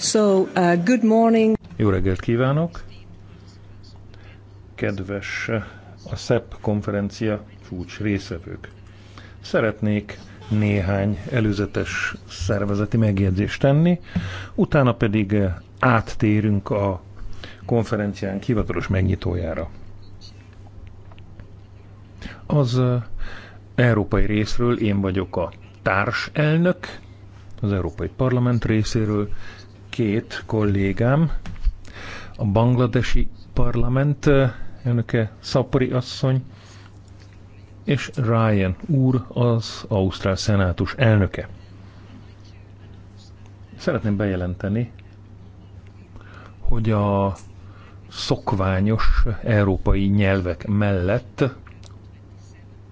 So, uh, good morning. Jó reggelt kívánok! Kedves uh, a SEP konferencia csúcs részvevők! Szeretnék néhány előzetes szervezeti megjegyzést tenni, utána pedig uh, áttérünk a konferencián hivatalos megnyitójára. Az uh, európai részről én vagyok a társelnök, az Európai Parlament részéről, két kollégám, a bangladesi parlament elnöke Szapori asszony, és Ryan úr az Ausztrál Szenátus elnöke. Szeretném bejelenteni, hogy a szokványos európai nyelvek mellett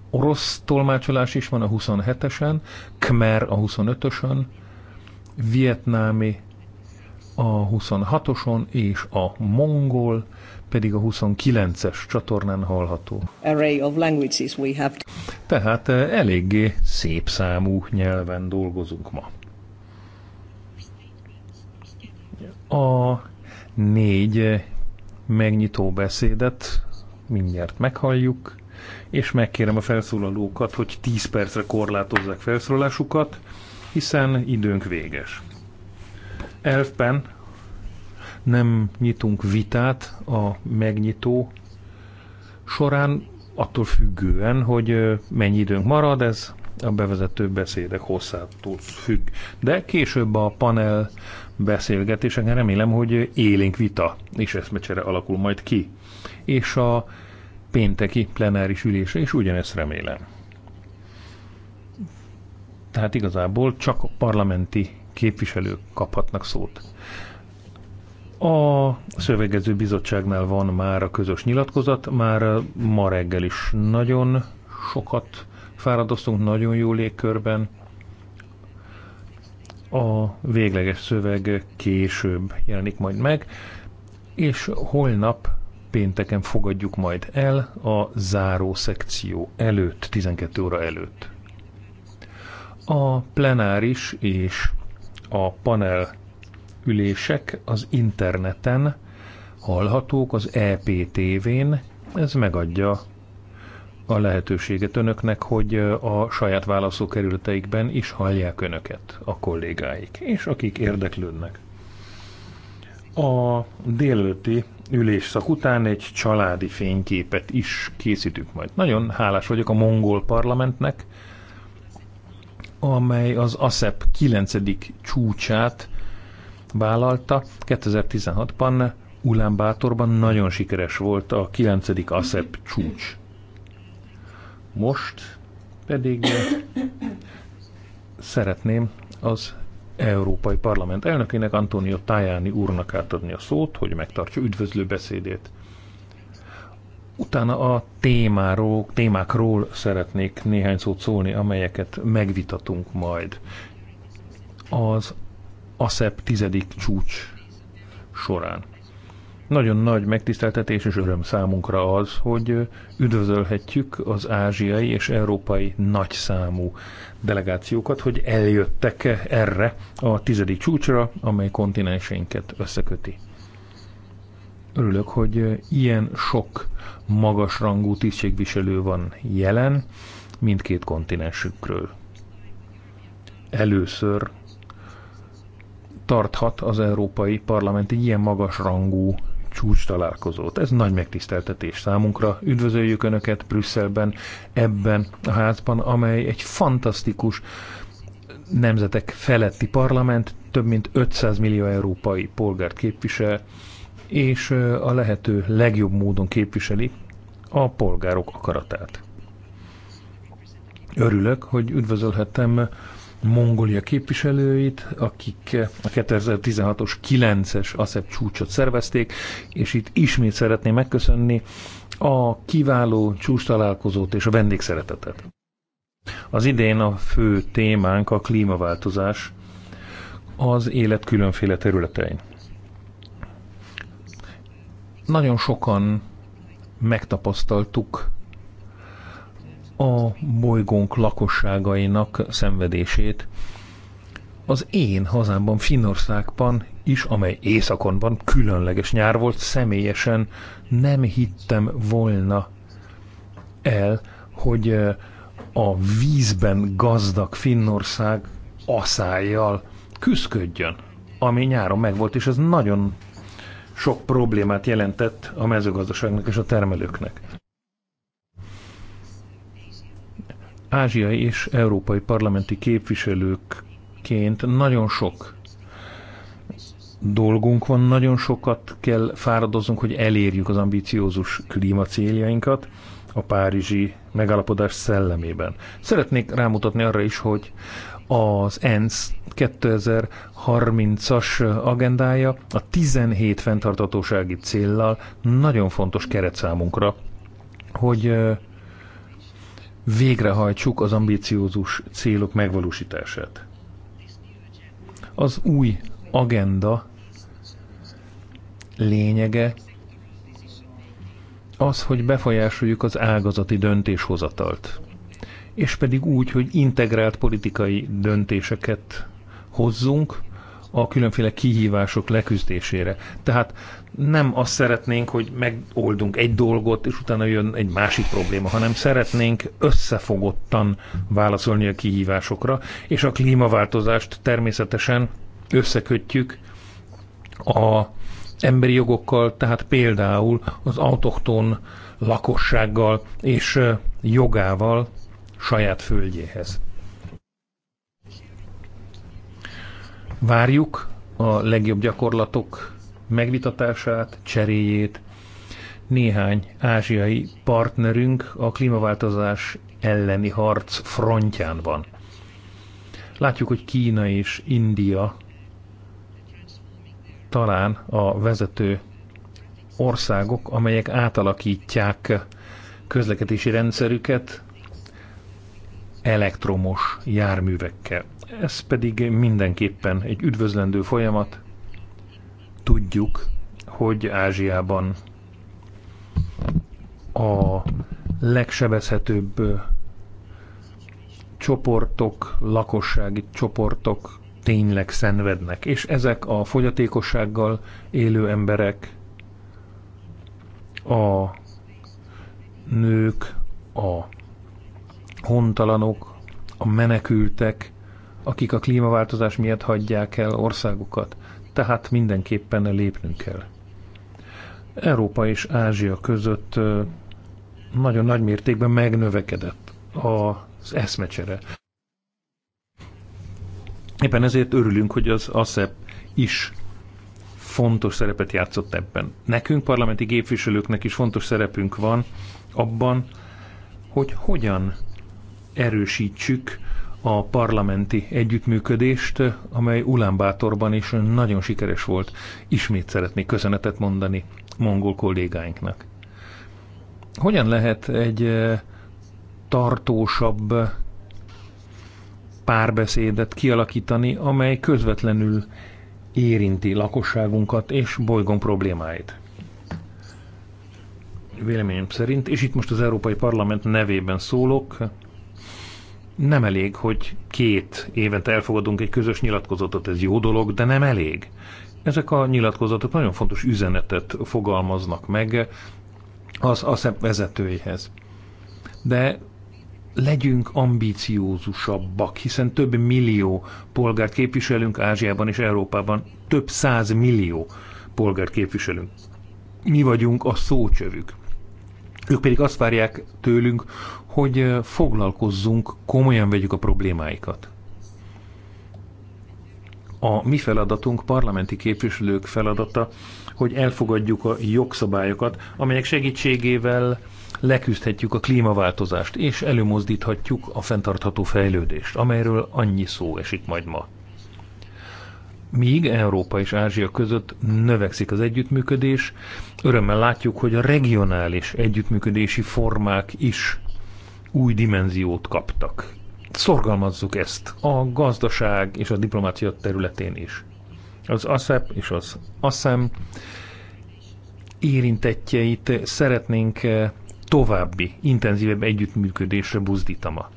orosz tolmácsolás is van a 27-esen, Khmer a 25 ösen vietnámi a 26-oson és a mongol pedig a 29-es csatornán hallható. Array of languages we have. Tehát eh, eléggé szép számú nyelven dolgozunk ma. A négy eh, megnyitó beszédet mindjárt meghalljuk, és megkérem a felszólalókat, hogy 10 percre korlátozzák felszólalásukat, hiszen időnk véges elfben nem nyitunk vitát a megnyitó során, attól függően, hogy mennyi időnk marad, ez a bevezető beszédek hosszától függ. De később a panel beszélgetéseken remélem, hogy élénk vita és eszmecsere alakul majd ki. És a pénteki plenáris ülése is ugyanezt remélem. Tehát igazából csak a parlamenti képviselők kaphatnak szót. A szövegező bizottságnál van már a közös nyilatkozat, már ma reggel is nagyon sokat fáradoztunk, nagyon jó légkörben. A végleges szöveg később jelenik majd meg, és holnap pénteken fogadjuk majd el a záró szekció előtt, 12 óra előtt. A plenáris és a panel ülések az interneten hallhatók az EPTV-n, ez megadja a lehetőséget önöknek, hogy a saját válaszókerületeikben is hallják önöket a kollégáik, és akik érdeklődnek. A délelőtti ülésszak után egy családi fényképet is készítünk majd. Nagyon hálás vagyok a mongol parlamentnek, amely az ASEP 9. csúcsát vállalta. 2016-ban Ulánbátorban nagyon sikeres volt a 9. ASEP csúcs. Most pedig szeretném az Európai Parlament elnökének, Antonio Tajani úrnak átadni a szót, hogy megtartsa üdvözlő beszédét. Utána a témáról, témákról szeretnék néhány szót szólni, amelyeket megvitatunk majd. Az ASEP tizedik csúcs során. Nagyon nagy megtiszteltetés és öröm számunkra az, hogy üdvözölhetjük az ázsiai és európai nagyszámú delegációkat, hogy eljöttek erre a tizedik csúcsra, amely kontinenseinket összeköti. Örülök, hogy ilyen sok magasrangú tisztségviselő van jelen mindkét kontinensükről. Először tarthat az Európai Parlament egy ilyen magasrangú csúcs találkozót. Ez nagy megtiszteltetés számunkra. Üdvözöljük Önöket Brüsszelben, ebben a házban, amely egy fantasztikus nemzetek feletti parlament, több mint 500 millió európai polgárt képvisel, és a lehető legjobb módon képviseli a polgárok akaratát. Örülök, hogy üdvözölhettem Mongolia képviselőit, akik a 2016-os 9-es ASEP csúcsot szervezték, és itt ismét szeretném megköszönni a kiváló csúcs találkozót és a vendégszeretetet. Az idén a fő témánk a klímaváltozás az élet különféle területein. Nagyon sokan megtapasztaltuk a bolygónk lakosságainak szenvedését. Az én hazámban, Finnországban is, amely északon van, különleges nyár volt, személyesen nem hittem volna el, hogy eh, a vízben gazdag Finnország aszályjal küszködjön. ami nyáron megvolt, és ez nagyon sok problémát jelentett a mezőgazdaságnak és a termelőknek. Ázsiai és európai parlamenti képviselőkként nagyon sok dolgunk van, nagyon sokat kell fáradoznunk, hogy elérjük az ambiciózus klímacéljainkat a párizsi megállapodás szellemében. Szeretnék rámutatni arra is, hogy az ENSZ 2030-as agendája a 17 fenntartatósági céllal nagyon fontos keret számunkra, hogy végrehajtsuk az ambíciózus célok megvalósítását. Az új agenda lényege az, hogy befolyásoljuk az ágazati döntéshozatalt és pedig úgy, hogy integrált politikai döntéseket hozzunk a különféle kihívások leküzdésére. Tehát nem azt szeretnénk, hogy megoldunk egy dolgot, és utána jön egy másik probléma, hanem szeretnénk összefogottan válaszolni a kihívásokra, és a klímaváltozást természetesen összekötjük a emberi jogokkal, tehát például az autokton lakossággal és jogával saját földjéhez. Várjuk a legjobb gyakorlatok megvitatását, cseréjét. Néhány ázsiai partnerünk a klímaváltozás elleni harc frontján van. Látjuk, hogy Kína és India talán a vezető országok, amelyek átalakítják közlekedési rendszerüket elektromos járművekkel. Ez pedig mindenképpen egy üdvözlendő folyamat. Tudjuk, hogy Ázsiában a legsebezhetőbb csoportok, lakossági csoportok tényleg szenvednek, és ezek a fogyatékossággal élő emberek, a nők, a hontalanok, a menekültek, akik a klímaváltozás miatt hagyják el országukat. Tehát mindenképpen lépnünk kell. Európa és Ázsia között nagyon nagy mértékben megnövekedett az eszmecsere. Éppen ezért örülünk, hogy az ASEP is fontos szerepet játszott ebben. Nekünk, parlamenti képviselőknek is fontos szerepünk van abban, hogy hogyan erősítsük a parlamenti együttműködést, amely Ulánbátorban is nagyon sikeres volt. Ismét szeretnék köszönetet mondani mongol kollégáinknak. Hogyan lehet egy eh, tartósabb párbeszédet kialakítani, amely közvetlenül érinti lakosságunkat és bolygón problémáit? Véleményem szerint, és itt most az Európai Parlament nevében szólok, nem elég, hogy két évente elfogadunk egy közös nyilatkozatot, ez jó dolog, de nem elég. Ezek a nyilatkozatok nagyon fontos üzenetet fogalmaznak meg az ASZEP vezetőihez. De legyünk ambíciózusabbak, hiszen több millió polgárt képviselünk Ázsiában és Európában, több száz millió polgárt képviselünk. Mi vagyunk a szócsövük. Ők pedig azt várják tőlünk, hogy foglalkozzunk, komolyan vegyük a problémáikat. A mi feladatunk, parlamenti képviselők feladata, hogy elfogadjuk a jogszabályokat, amelyek segítségével leküzdhetjük a klímaváltozást, és előmozdíthatjuk a fenntartható fejlődést, amelyről annyi szó esik majd ma. Míg Európa és Ázsia között növekszik az együttműködés, örömmel látjuk, hogy a regionális együttműködési formák is új dimenziót kaptak. Szorgalmazzuk ezt a gazdaság és a diplomácia területén is. Az ASEP és az ASEM érintettjeit szeretnénk eh, további, intenzívebb együttműködésre buzdítama.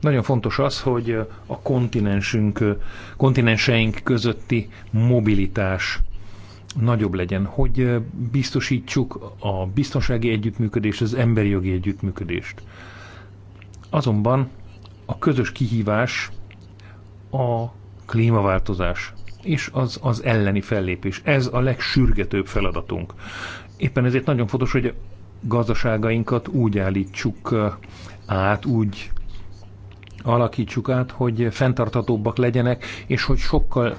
Nagyon fontos az, hogy eh, a kontinensünk, eh, kontinenseink közötti mobilitás nagyobb legyen, hogy biztosítsuk a biztonsági együttműködést, az emberi jogi együttműködést. Azonban a közös kihívás a klímaváltozás és az az elleni fellépés. Ez a legsürgetőbb feladatunk. Éppen ezért nagyon fontos, hogy gazdaságainkat úgy állítsuk eh, át, úgy alakítsuk át, hogy fenntarthatóbbak legyenek, és hogy sokkal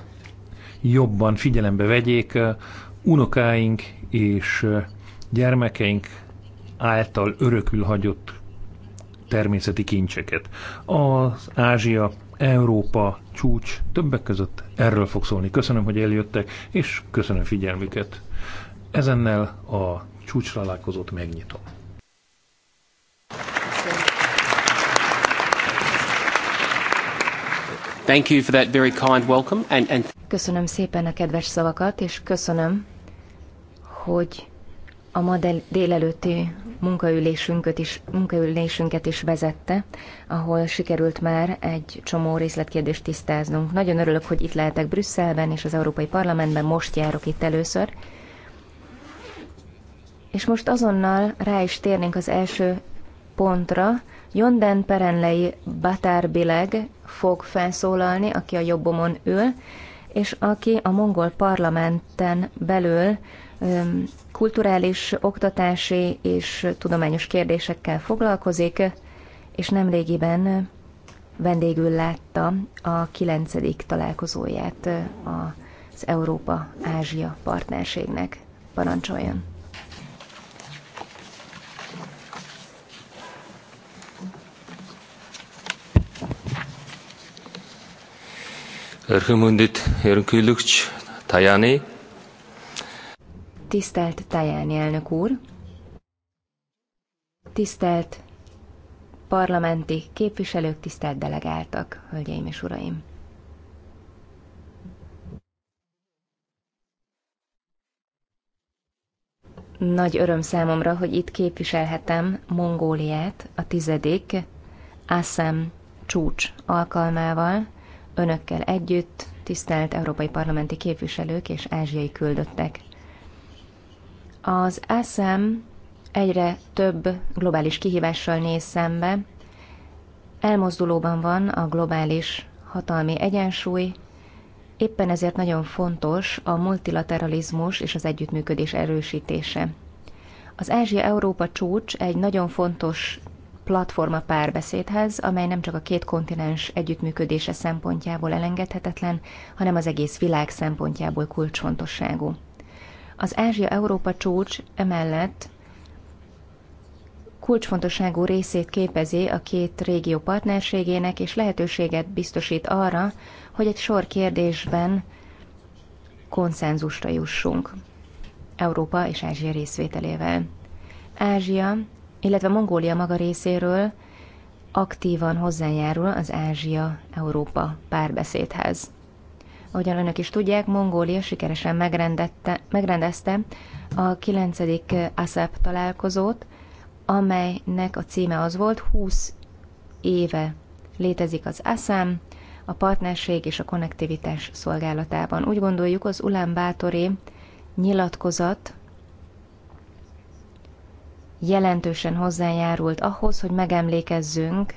jobban figyelembe vegyék eh, unokáink és eh, gyermekeink által örökül hagyott természeti kincseket. Az Ázsia, Európa csúcs többek között erről fog szólni. Köszönöm, hogy eljöttek, és köszönöm figyelmüket. Ezennel a csúcs találkozót megnyitom. Thank you for that very kind welcome and, and... Köszönöm szépen a kedves szavakat, és köszönöm, hogy a ma délelőtti munkaülésünket is, munkaülésünket is vezette, ahol sikerült már egy csomó részletkérdést tisztáznunk. Nagyon örülök, hogy itt lehetek Brüsszelben és az Európai Parlamentben, most járok itt először. És most azonnal rá is térnénk az első pontra. Jonden Perenlei Batárbileg fog felszólalni, aki a jobbomon ül, és aki a mongol parlamenten belül öm, kulturális, oktatási és tudományos kérdésekkel foglalkozik, és nemrégiben vendégül látta a kilencedik találkozóját az Európa-Ázsia partnerségnek. Parancsoljon! Эрхэм хүндэт ерөнхийлөгч Таяаны Tisztelt Tajáni elnök úr! Tisztelt parlamenti képviselők, tisztelt delegáltak, hölgyeim és uraim! Nagy öröm számomra, hogy itt képviselhetem Mongóliát a tizedik ASEM csúcs alkalmával, önökkel együtt, tisztelt európai parlamenti képviselők és ázsiai küldöttek. Az eszem egyre több globális kihívással néz szembe, elmozdulóban van a globális hatalmi egyensúly, éppen ezért nagyon fontos a multilateralizmus és az együttműködés erősítése. Az Ázsia-Európa csúcs egy nagyon fontos platforma párbeszédhez, amely nem csak a két kontinens együttműködése szempontjából elengedhetetlen, hanem az egész világ szempontjából kulcsfontosságú. Az Ázsia-Európa csúcs emellett kulcsfontosságú részét képezi a két régió partnerségének, és lehetőséget biztosít arra, hogy egy sor kérdésben konszenzusra jussunk Európa és Ázsia részvételével. Ázsia, illetve Mongólia maga részéről aktívan hozzájárul az Ázsia-Európa párbeszédhez. Ahogyan önök is tudják, Mongólia sikeresen megrendezte a 9. ASEP találkozót, amelynek a címe az volt 20 éve létezik az ASEM, a partnerség és a konnektivitás szolgálatában. Úgy gondoljuk, az Ulánbátori nyilatkozat jelentősen hozzájárult ahhoz, hogy megemlékezzünk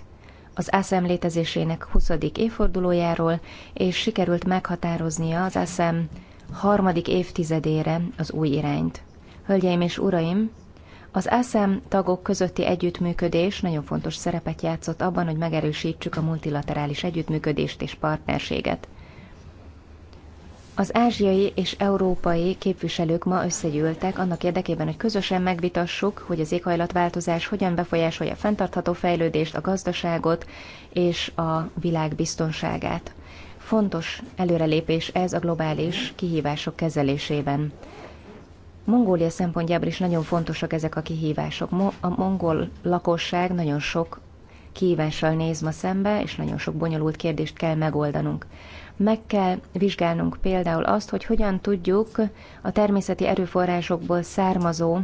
az ASZEM létezésének 20. évfordulójáról, és sikerült meghatároznia az ASZEM harmadik évtizedére az új irányt. Hölgyeim és uraim, az ASZEM tagok közötti együttműködés nagyon fontos szerepet játszott abban, hogy megerősítsük a multilaterális együttműködést és partnerséget. Az ázsiai és európai képviselők ma összegyűltek annak érdekében, hogy közösen megvitassuk, hogy az éghajlatváltozás hogyan befolyásolja a fenntartható fejlődést, a gazdaságot és a világ biztonságát. Fontos előrelépés ez a globális kihívások kezelésében. Mongólia szempontjából is nagyon fontosak ezek a kihívások. A mongol lakosság nagyon sok kihívással néz ma szembe, és nagyon sok bonyolult kérdést kell megoldanunk. Meg kell vizsgálnunk például azt, hogy hogyan tudjuk a természeti erőforrásokból származó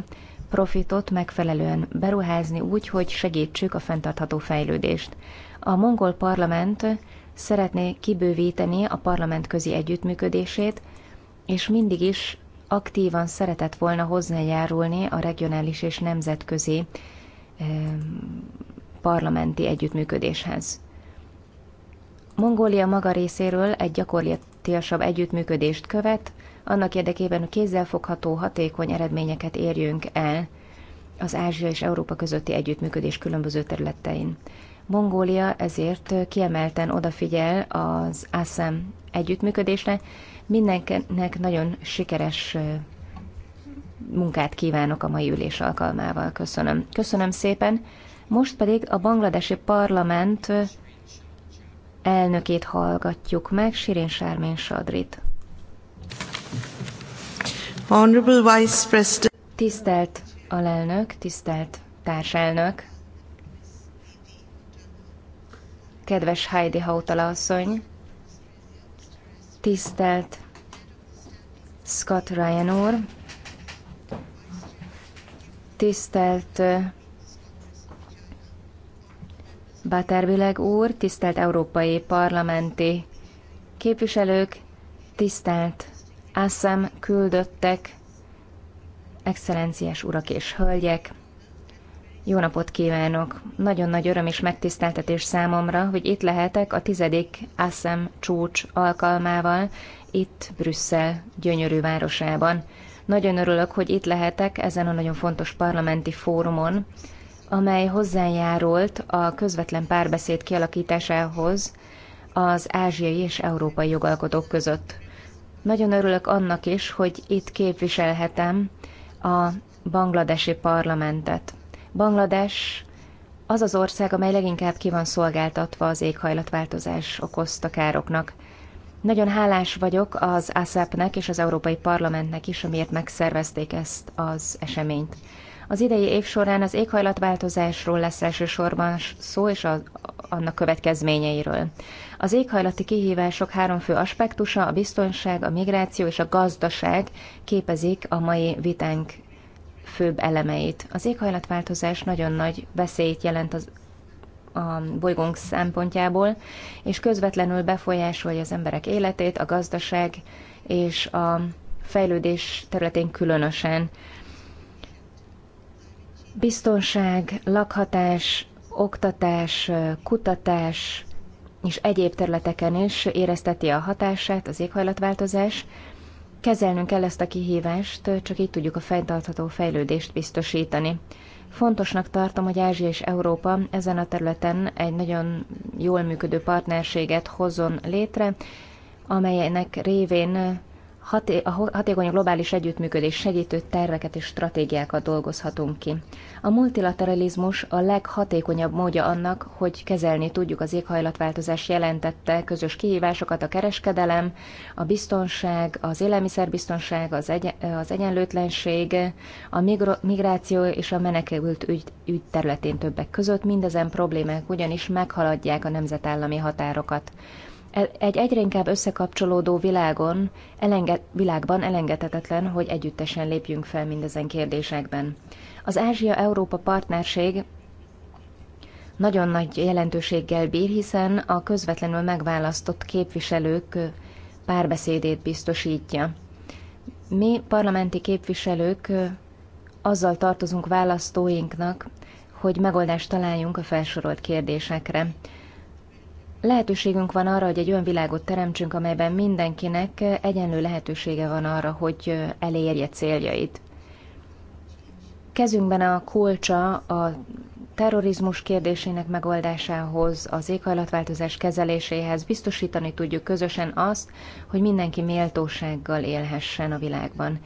profitot megfelelően beruházni úgy, hogy segítsük a fenntartható fejlődést. A mongol parlament szeretné kibővíteni a parlament közi együttműködését, és mindig is aktívan szeretett volna hozzájárulni a regionális és nemzetközi eh, parlamenti együttműködéshez. Mongólia maga részéről egy gyakorlatilasabb együttműködést követ, annak érdekében, hogy kézzelfogható, hatékony eredményeket érjünk el az Ázsia és Európa közötti együttműködés különböző területein. Mongólia ezért kiemelten odafigyel az ASEM együttműködésre. Mindenkinek nagyon sikeres munkát kívánok a mai ülés alkalmával. Köszönöm. Köszönöm szépen. Most pedig a bangladesi parlament elnökét hallgatjuk meg, Sirén Sármén Sadrit. Honorable Vice President. Tisztelt alelnök, tisztelt társelnök, kedves Heidi Hautala asszony, tisztelt Scott Ryan úr, tisztelt Bátárvileg úr, tisztelt európai parlamenti képviselők, tisztelt Asszem küldöttek, excellenciás urak és hölgyek, jó napot kívánok! Nagyon nagy öröm és megtiszteltetés számomra, hogy itt lehetek a tizedik ASZEM csúcs alkalmával, itt Brüsszel gyönyörű városában. Nagyon örülök, hogy itt lehetek ezen a nagyon fontos parlamenti fórumon, amely hozzájárult a közvetlen párbeszéd kialakításához az ázsiai és európai jogalkotók között. Nagyon örülök annak is, hogy itt képviselhetem a bangladesi parlamentet. Banglades az az ország, amely leginkább ki van szolgáltatva az éghajlatváltozás okozta károknak. Nagyon hálás vagyok az ASAP-nek és az Európai Parlamentnek is, amiért megszervezték ezt az eseményt. Az idei év során az éghajlatváltozásról lesz elsősorban szó, és a, annak következményeiről. Az éghajlati kihívások három fő aspektusa, a biztonság, a migráció és a gazdaság képezik a mai vitánk főbb elemeit. Az éghajlatváltozás nagyon nagy veszélyt jelent az a bolygónk szempontjából, és közvetlenül befolyásolja az emberek életét, a gazdaság és a fejlődés területén különösen. Biztonság, lakhatás, oktatás, kutatás és egyéb területeken is érezteti a hatását az éghajlatváltozás. Kezelnünk kell ezt a kihívást, csak így tudjuk a fenntartható fejlődést biztosítani. Fontosnak tartom, hogy Ázsia és Európa ezen a területen egy nagyon jól működő partnerséget hozzon létre, amelynek révén a hatékony globális együttműködés segítő terveket és stratégiákat dolgozhatunk ki. A multilateralizmus a leghatékonyabb módja annak, hogy kezelni tudjuk az éghajlatváltozás jelentette közös kihívásokat, a kereskedelem, a biztonság, az élelmiszerbiztonság, az, egy- az egyenlőtlenség, a migráció és a menekült ügy, ügy területén többek között mindezen problémák ugyanis meghaladják a nemzetállami határokat. E, egy egyre inkább összekapcsolódó világon, elenge, világban elengedhetetlen, hogy együttesen lépjünk fel mindezen kérdésekben. Az Ázsia-Európa partnerség nagyon nagy jelentőséggel bír, hiszen a közvetlenül megválasztott képviselők párbeszédét biztosítja. Mi parlamenti képviselők azzal tartozunk választóinknak, hogy megoldást találjunk a felsorolt kérdésekre lehetőségünk van arra, hogy egy olyan világot teremtsünk, amelyben mindenkinek egyenlő lehetősége van arra, hogy elérje céljait. Kezünkben a kulcsa a terrorizmus kérdésének megoldásához, az éghajlatváltozás kezeléséhez biztosítani tudjuk közösen azt, hogy mindenki méltósággal élhessen a világban.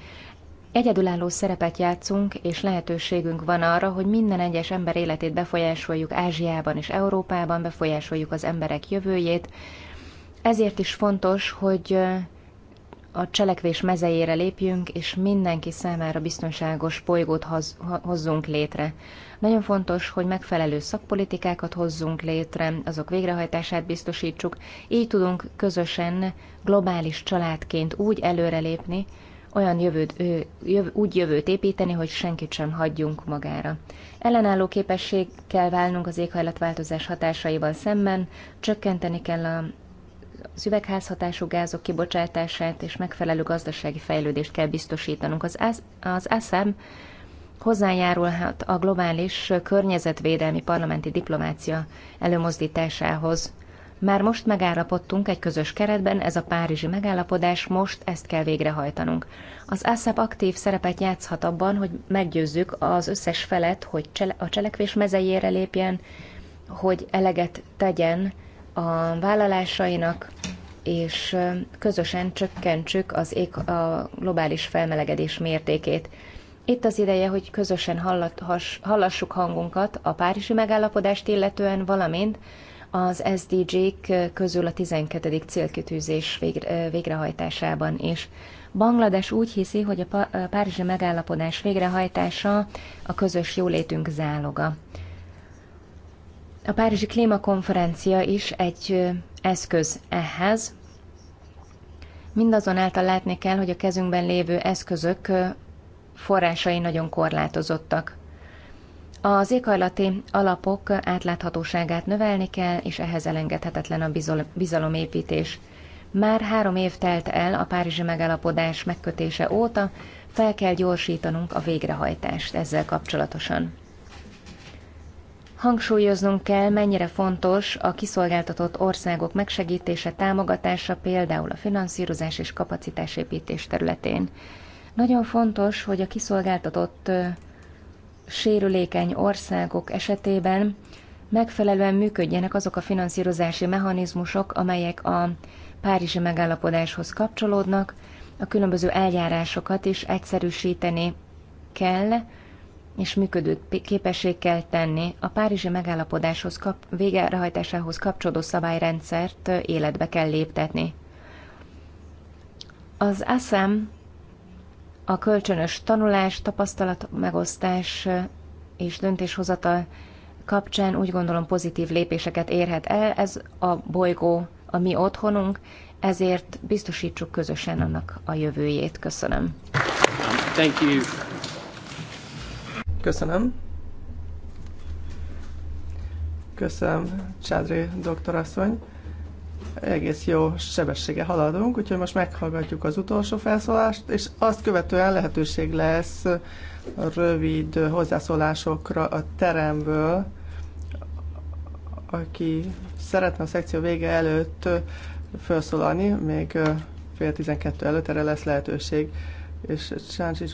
Egyedülálló szerepet játszunk, és lehetőségünk van arra, hogy minden egyes ember életét befolyásoljuk Ázsiában és Európában, befolyásoljuk az emberek jövőjét. Ezért is fontos, hogy a cselekvés mezejére lépjünk, és mindenki számára biztonságos bolygót hozzunk létre. Nagyon fontos, hogy megfelelő szakpolitikákat hozzunk létre, azok végrehajtását biztosítsuk, így tudunk közösen globális családként úgy előrelépni, olyan jövőt, jöv, úgy jövőt építeni, hogy senkit sem hagyjunk magára. Ellenálló képesség kell válnunk az éghajlatváltozás hatásaival szemben, csökkenteni kell a az üvegházhatású gázok kibocsátását és megfelelő gazdasági fejlődést kell biztosítanunk. Az, az ASZEM hozzájárulhat a globális környezetvédelmi parlamenti diplomácia előmozdításához. Már most megállapodtunk egy közös keretben, ez a párizsi megállapodás, most ezt kell végrehajtanunk. Az ASAP aktív szerepet játszhat abban, hogy meggyőzzük az összes felet, hogy a cselekvés mezejére lépjen, hogy eleget tegyen a vállalásainak, és közösen csökkentsük az ég, a globális felmelegedés mértékét. Itt az ideje, hogy közösen hallat, has, hallassuk hangunkat a párizsi megállapodást illetően, valamint az SDG-k közül a 12. célkitűzés végre, végrehajtásában is. Banglades úgy hiszi, hogy a Párizsi megállapodás végrehajtása a közös jólétünk záloga. A Párizsi Klímakonferencia is egy eszköz ehhez. Mindazonáltal látni kell, hogy a kezünkben lévő eszközök forrásai nagyon korlátozottak. Az éghajlati alapok átláthatóságát növelni kell, és ehhez elengedhetetlen a bizalomépítés. Már három év telt el a Párizsi megállapodás megkötése óta, fel kell gyorsítanunk a végrehajtást ezzel kapcsolatosan. Hangsúlyoznunk kell, mennyire fontos a kiszolgáltatott országok megsegítése, támogatása, például a finanszírozás és kapacitásépítés területén. Nagyon fontos, hogy a kiszolgáltatott sérülékeny országok esetében megfelelően működjenek azok a finanszírozási mechanizmusok, amelyek a Párizsi megállapodáshoz kapcsolódnak, a különböző eljárásokat is egyszerűsíteni kell, és működő képesség kell tenni. A Párizsi megállapodáshoz kap, végrehajtásához kapcsolódó szabályrendszert életbe kell léptetni. Az ASZEM a kölcsönös tanulás, tapasztalat megosztás és döntéshozatal kapcsán úgy gondolom pozitív lépéseket érhet el. Ez a bolygó a mi otthonunk, ezért biztosítsuk közösen annak a jövőjét. Köszönöm. Thank you. Köszönöm. Köszönöm, Csádré doktorasszony egész jó sebessége haladunk, úgyhogy most meghallgatjuk az utolsó felszólást, és azt követően lehetőség lesz rövid hozzászólásokra a teremből, aki szeretne a szekció vége előtt felszólalni, még fél tizenkettő előtt erre lesz lehetőség, és Sáncsi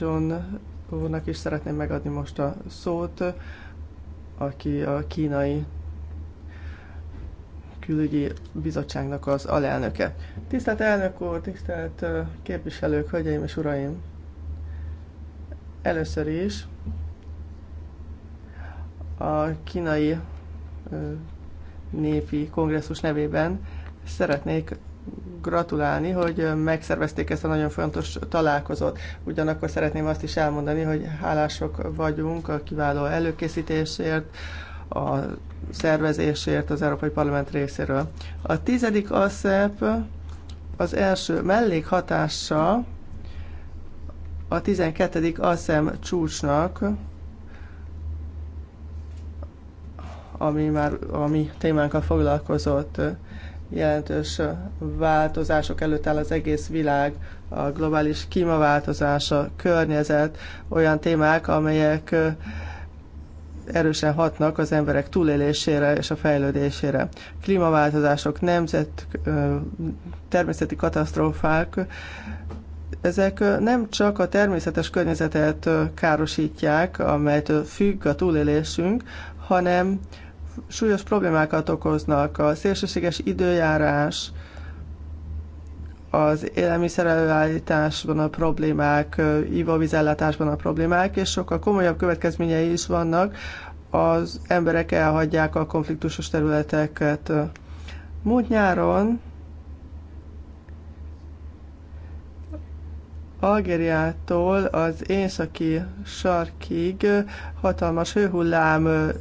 úrnak is szeretném megadni most a szót, aki a kínai külügyi bizottságnak az alelnöke. Tisztelt elnök úr, tisztelt képviselők, hölgyeim és uraim! Először is a kínai népi kongresszus nevében szeretnék gratulálni, hogy megszervezték ezt a nagyon fontos találkozót. Ugyanakkor szeretném azt is elmondani, hogy hálások vagyunk a kiváló előkészítésért, a szervezésért az Európai Parlament részéről. A tizedik ASZEP az első mellékhatása a 12. ASZEM csúcsnak, ami már a mi témánkkal foglalkozott, jelentős változások előtt áll az egész világ, a globális klímaváltozás, a környezet, olyan témák, amelyek erősen hatnak az emberek túlélésére és a fejlődésére. Klímaváltozások, nemzet, természeti katasztrófák, ezek nem csak a természetes környezetet károsítják, amelyet függ a túlélésünk, hanem súlyos problémákat okoznak. A szélsőséges időjárás, az előállításban a problémák, ivóvízellátásban a problémák, és sokkal komolyabb következményei is vannak, az emberek elhagyják a konfliktusos területeket. Múlt nyáron Algériától az északi sarkig hatalmas hőhullám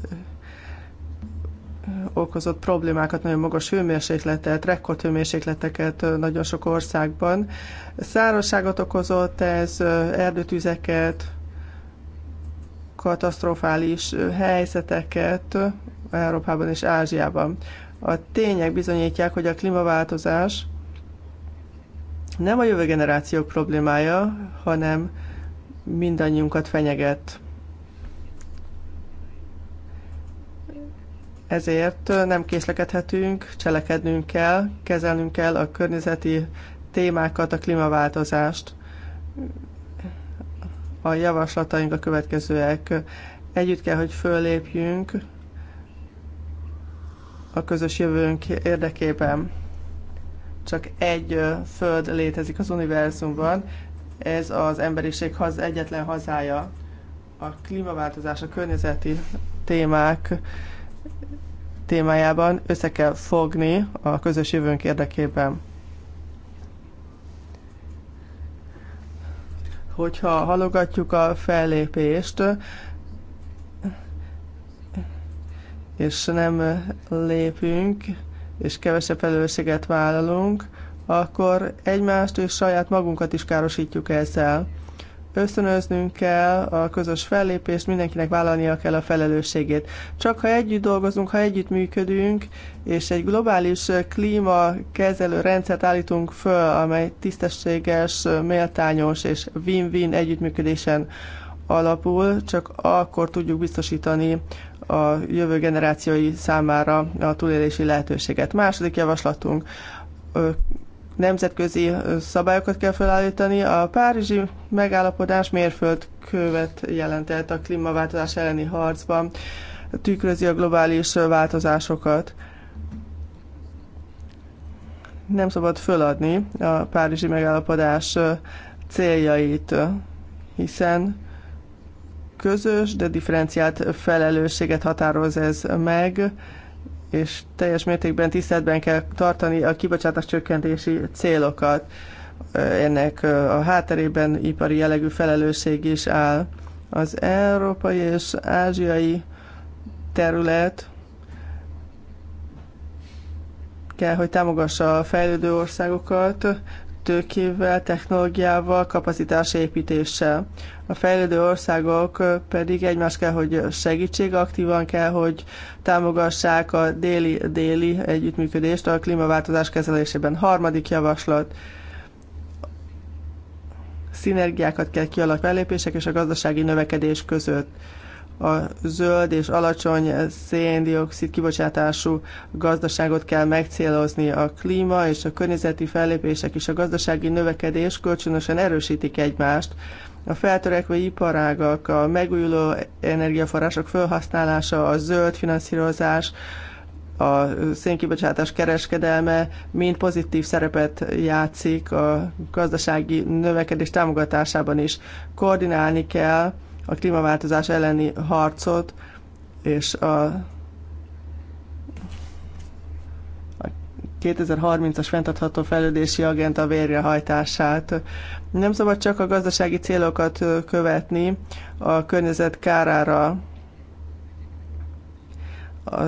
okozott problémákat, nagyon magas hőmérsékletet, rekordhőmérsékleteket nagyon sok országban. Szárazságot okozott ez, erdőtüzeket, katasztrofális helyzeteket Európában és Ázsiában. A tények bizonyítják, hogy a klímaváltozás nem a jövő generációk problémája, hanem mindannyiunkat fenyeget. Ezért nem késlekedhetünk, cselekednünk kell, kezelnünk kell a környezeti témákat, a klímaváltozást. A javaslataink a következőek. Együtt kell, hogy föllépjünk a közös jövőnk érdekében. Csak egy föld létezik az univerzumban, ez az emberiség haz, egyetlen hazája. A klímaváltozás, a környezeti témák témájában össze kell fogni a közös jövőnk érdekében. Hogyha halogatjuk a fellépést, és nem lépünk, és kevesebb felelősséget vállalunk, akkor egymást és saját magunkat is károsítjuk ezzel ösztönöznünk kell a közös fellépést, mindenkinek vállalnia kell a felelősségét. Csak ha együtt dolgozunk, ha együtt működünk, és egy globális klíma kezelő rendszert állítunk föl, amely tisztességes, méltányos és win-win együttműködésen alapul, csak akkor tudjuk biztosítani a jövő generációi számára a túlélési lehetőséget. Második javaslatunk nemzetközi szabályokat kell felállítani. A párizsi megállapodás mérföldkövet jelentett a klímaváltozás elleni harcban, tükrözi a globális változásokat. Nem szabad föladni a párizsi megállapodás céljait, hiszen közös, de differenciált felelősséget határoz ez meg és teljes mértékben tiszteletben kell tartani a kibocsátás csökkentési célokat. Ennek a hátterében ipari jellegű felelősség is áll. Az európai és ázsiai terület kell, hogy támogassa a fejlődő országokat, tőkével, technológiával, kapacitásépítéssel. A fejlődő országok pedig egymás kell, hogy segítség aktívan kell, hogy támogassák a déli-déli együttműködést a klímaváltozás kezelésében. Harmadik javaslat szinergiákat kell kialakítani a lépések és a gazdasági növekedés között a zöld és alacsony széndiokszid kibocsátású gazdaságot kell megcélozni. A klíma és a környezeti fellépések és a gazdasági növekedés kölcsönösen erősítik egymást. A feltörekvő iparágak, a megújuló energiaforrások felhasználása, a zöld finanszírozás, a szénkibocsátás kereskedelme mind pozitív szerepet játszik a gazdasági növekedés támogatásában is. Koordinálni kell a klímaváltozás elleni harcot, és a 2030-as fenntartható fejlődési agenda végrehajtását. Nem szabad csak a gazdasági célokat követni a környezet kárára. A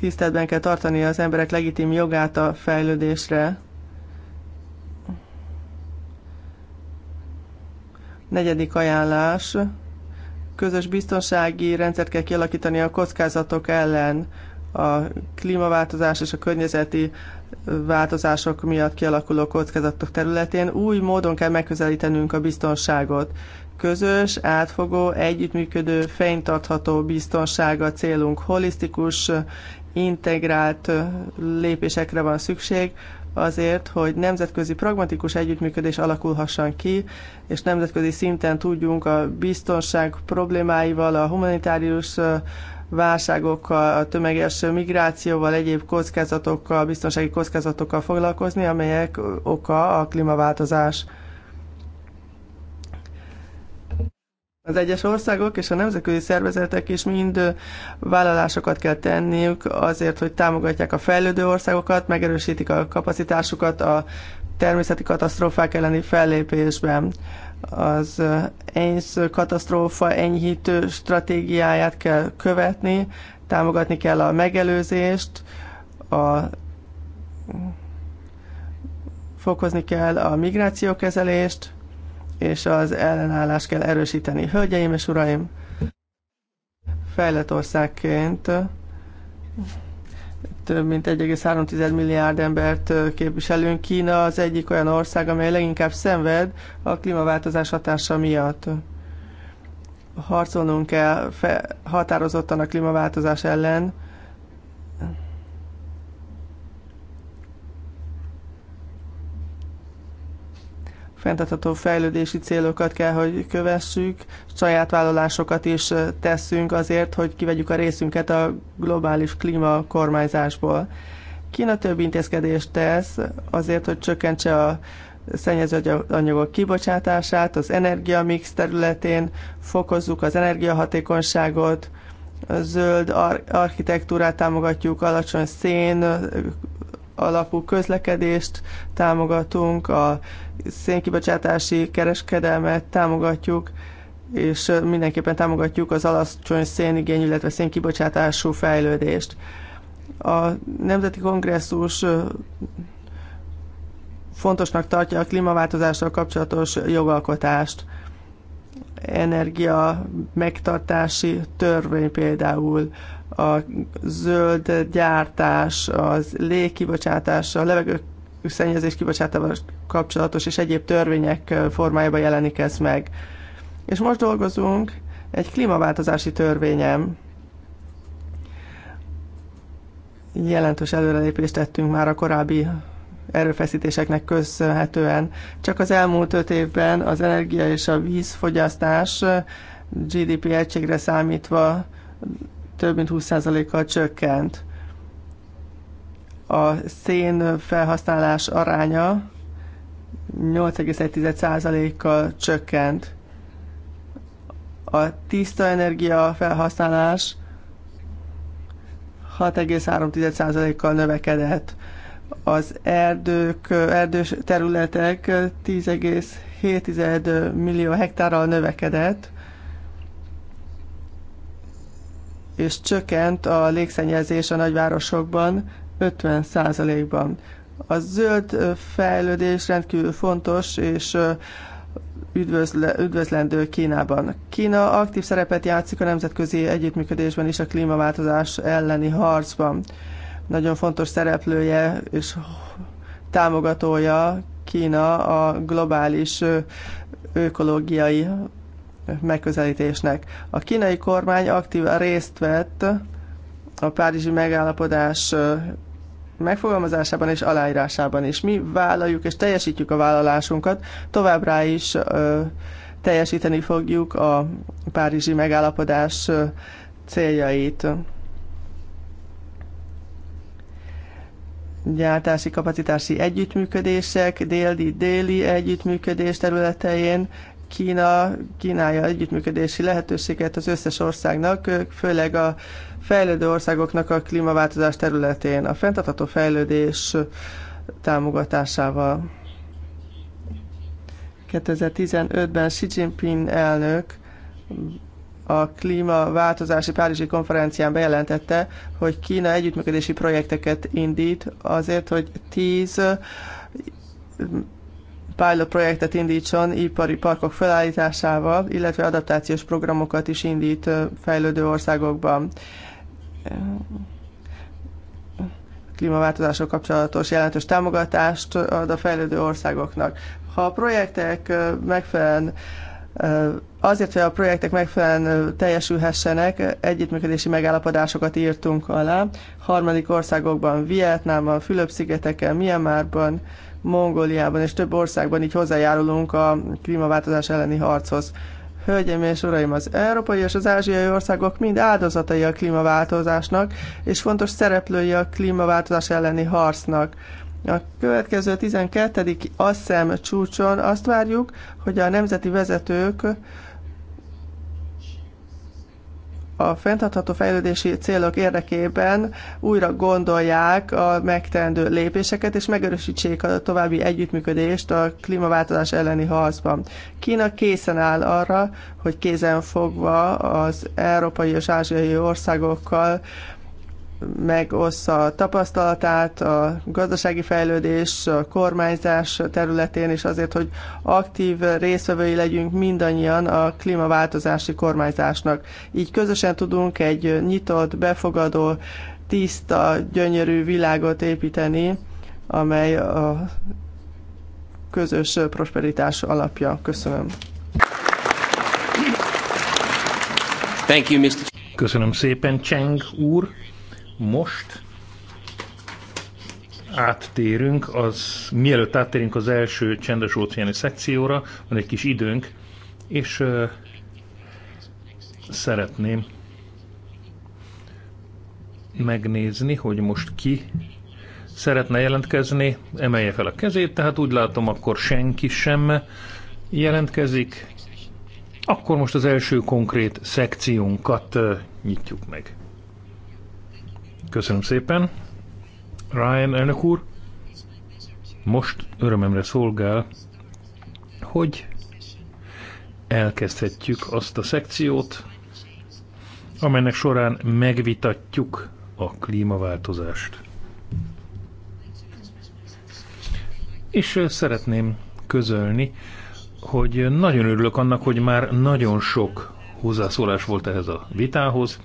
tiszteletben kell tartani az emberek legitim jogát a fejlődésre. Negyedik ajánlás. Közös biztonsági rendszert kell kialakítani a kockázatok ellen, a klímaváltozás és a környezeti változások miatt kialakuló kockázatok területén új módon kell megközelítenünk a biztonságot. Közös, átfogó, együttműködő, fenntartható biztonság a célunk. Holisztikus, integrált lépésekre van szükség azért, hogy nemzetközi pragmatikus együttműködés alakulhasson ki, és nemzetközi szinten tudjunk a biztonság problémáival, a humanitárius válságokkal, a tömeges migrációval, egyéb kockázatokkal, biztonsági kockázatokkal foglalkozni, amelyek oka a klímaváltozás. Az egyes országok és a nemzetközi szervezetek is mind vállalásokat kell tenniük azért, hogy támogatják a fejlődő országokat, megerősítik a kapacitásukat a természeti katasztrófák elleni fellépésben. Az ENSZ katasztrófa enyhítő stratégiáját kell követni, támogatni kell a megelőzést, a fokozni kell a migrációkezelést, és az ellenállást kell erősíteni. Hölgyeim és uraim, fejlett országként több mint 1,3 milliárd embert képviselünk. Kína az egyik olyan ország, amely leginkább szenved a klímaváltozás hatása miatt. Harcolnunk kell határozottan a klímaváltozás ellen, fenntartható fejlődési célokat kell, hogy kövessük, saját vállalásokat is teszünk azért, hogy kivegyük a részünket a globális klímakormányzásból. Kína több intézkedést tesz azért, hogy csökkentse a szennyező anyagok kibocsátását, az energiamix területén fokozzuk az energiahatékonyságot, zöld ar- architektúrát támogatjuk, alacsony szén alapú közlekedést támogatunk, a szénkibocsátási kereskedelmet támogatjuk, és mindenképpen támogatjuk az alacsony szénigény, illetve szénkibocsátású fejlődést. A Nemzeti Kongresszus fontosnak tartja a klímaváltozással kapcsolatos jogalkotást. Energia megtartási törvény például a zöld gyártás, az légkibocsátás, a levegő szennyezés kibocsátával kapcsolatos és egyéb törvények formájában jelenik ez meg. És most dolgozunk egy klímaváltozási törvényem. Jelentős előrelépést tettünk már a korábbi erőfeszítéseknek köszönhetően. Csak az elmúlt öt évben az energia és a vízfogyasztás GDP egységre számítva több mint 20%-kal csökkent. A szén felhasználás aránya 8,1%-kal csökkent. A tiszta energia felhasználás 6,3%-kal növekedett. Az erdők, erdős területek 10,7 millió hektárral növekedett, és csökkent a légszennyezés a nagyvárosokban 50%-ban. A zöld fejlődés rendkívül fontos, és üdvözle, üdvözlendő Kínában. Kína aktív szerepet játszik a nemzetközi együttműködésben és a klímaváltozás elleni harcban. Nagyon fontos szereplője és támogatója Kína a globális ökológiai megközelítésnek. A kínai kormány aktív részt vett a párizsi megállapodás megfogalmazásában és aláírásában is. Mi vállaljuk és teljesítjük a vállalásunkat, továbbra is ö, teljesíteni fogjuk a párizsi megállapodás ö, céljait. Gyártási kapacitási együttműködések, déli-déli együttműködés területein Kína kínálja együttműködési lehetőséget az összes országnak, főleg a fejlődő országoknak a klímaváltozás területén, a fenntartható fejlődés támogatásával. 2015-ben Xi Jinping elnök a klímaváltozási Párizsi konferencián bejelentette, hogy Kína együttműködési projekteket indít azért, hogy 10 pilot projektet indítson ipari parkok felállításával, illetve adaptációs programokat is indít fejlődő országokban klímaváltozással kapcsolatos jelentős támogatást ad a fejlődő országoknak. Ha a projektek megfelelően Azért, hogy a projektek megfelelően teljesülhessenek, együttműködési megállapodásokat írtunk alá. Harmadik országokban, Vietnámban, Fülöp-szigeteken, Myanmarban, Mongóliában és több országban így hozzájárulunk a klímaváltozás elleni harchoz. Hölgyeim és uraim, az európai és az ázsiai országok mind áldozatai a klímaváltozásnak, és fontos szereplői a klímaváltozás elleni harcnak. A következő 12. asszem csúcson azt várjuk, hogy a nemzeti vezetők a fenntartható fejlődési célok érdekében újra gondolják a megtendő lépéseket, és megerősítsék a további együttműködést a klímaváltozás elleni harcban. Kína készen áll arra, hogy kézen fogva az európai és ázsiai országokkal megossza a tapasztalatát a gazdasági fejlődés, a kormányzás területén, és azért, hogy aktív részvevői legyünk mindannyian a klímaváltozási kormányzásnak. Így közösen tudunk egy nyitott, befogadó, tiszta, gyönyörű világot építeni, amely a közös prosperitás alapja. Köszönöm. Thank you, Mr. Köszönöm szépen, Cheng úr. Most áttérünk, az, mielőtt áttérünk az első csendes óceáni szekcióra, van egy kis időnk, és uh, szeretném megnézni, hogy most ki szeretne jelentkezni, emelje fel a kezét, tehát úgy látom, akkor senki sem jelentkezik. Akkor most az első konkrét szekciónkat nyitjuk meg. Köszönöm szépen. Ryan elnök úr, most örömemre szolgál, hogy elkezdhetjük azt a szekciót, amelynek során megvitatjuk a klímaváltozást. És szeretném közölni, hogy nagyon örülök annak, hogy már nagyon sok hozzászólás volt ehhez a vitához,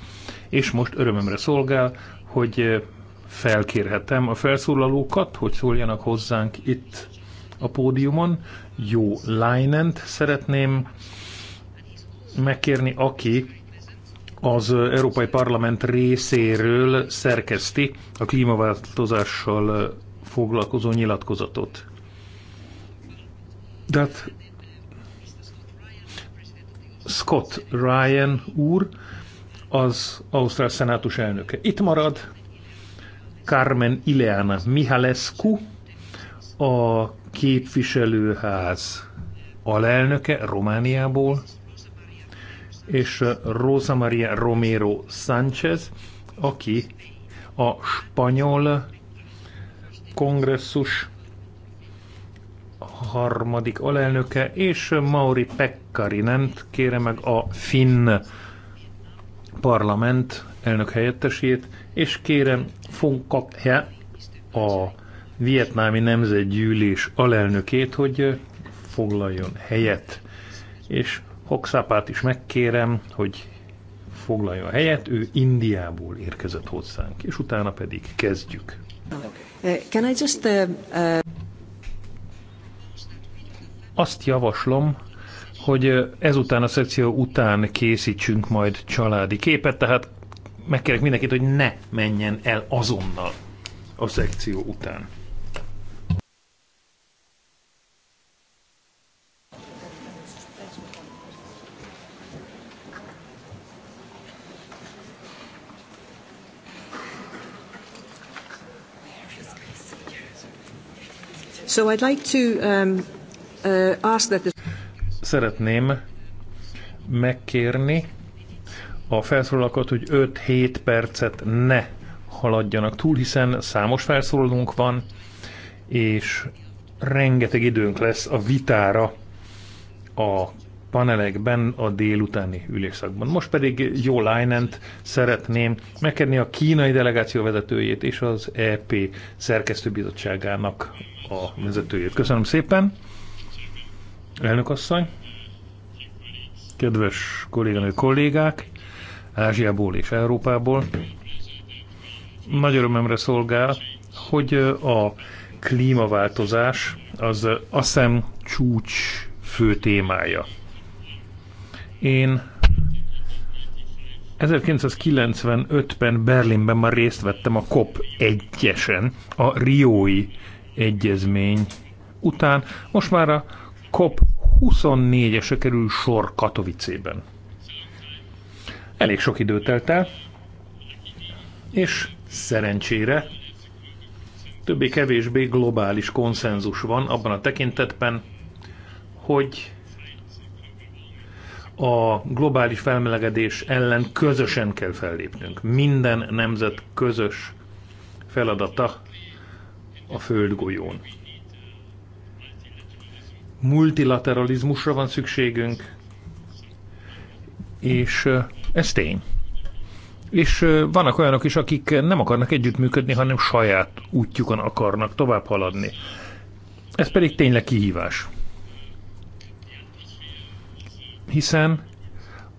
és most örömemre szolgál, hogy felkérhetem a felszólalókat, hogy szóljanak hozzánk itt a pódiumon. Jó Leinent szeretném megkérni, aki az Európai Parlament részéről szerkeszti a klímaváltozással foglalkozó nyilatkozatot. Tehát Scott Ryan úr, az Ausztrál Szenátus elnöke. Itt marad Carmen Ileana Mihalescu, a képviselőház alelnöke Romániából, és Rosa Maria Romero Sánchez, aki a spanyol kongresszus harmadik alelnöke, és Mauri Pekkarinent kére meg a finn parlament elnök helyettesét, és kérem Fong Kap a vietnámi nemzetgyűlés alelnökét, hogy foglaljon helyet. És Hoxapát is megkérem, hogy foglaljon helyet, ő Indiából érkezett hozzánk, és utána pedig kezdjük. Uh, can I just, uh, uh... Azt javaslom, hogy ezután a szekció után készítsünk majd családi képet, tehát megkérek mindenkit, hogy ne menjen el azonnal a szekció után. So I'd like to um, uh, ask that the szeretném megkérni a felszólalókat, hogy 5-7 percet ne haladjanak túl, hiszen számos felszólalónk van, és rengeteg időnk lesz a vitára a panelekben a délutáni ülésszakban. Most pedig Jó Leinent szeretném megkérni a kínai delegáció vezetőjét és az EP szerkesztőbizottságának a vezetőjét. Köszönöm szépen! Elnök asszony! Kedves kolléganő kollégák, Ázsiából és Európából. Nagy örömemre szolgál, hogy a klímaváltozás az ASZEM csúcs fő témája. Én 1995-ben Berlinben már részt vettem a COP 1-esen, a Riói egyezmény után, most már a COP 24-esre kerül sor Katowicében. Elég sok idő telt el, és szerencsére többé-kevésbé globális konszenzus van abban a tekintetben, hogy a globális felmelegedés ellen közösen kell fellépnünk. Minden nemzet közös feladata a földgolyón multilateralizmusra van szükségünk, és ez tény. És vannak olyanok is, akik nem akarnak együttműködni, hanem saját útjukon akarnak tovább haladni. Ez pedig tényleg kihívás. Hiszen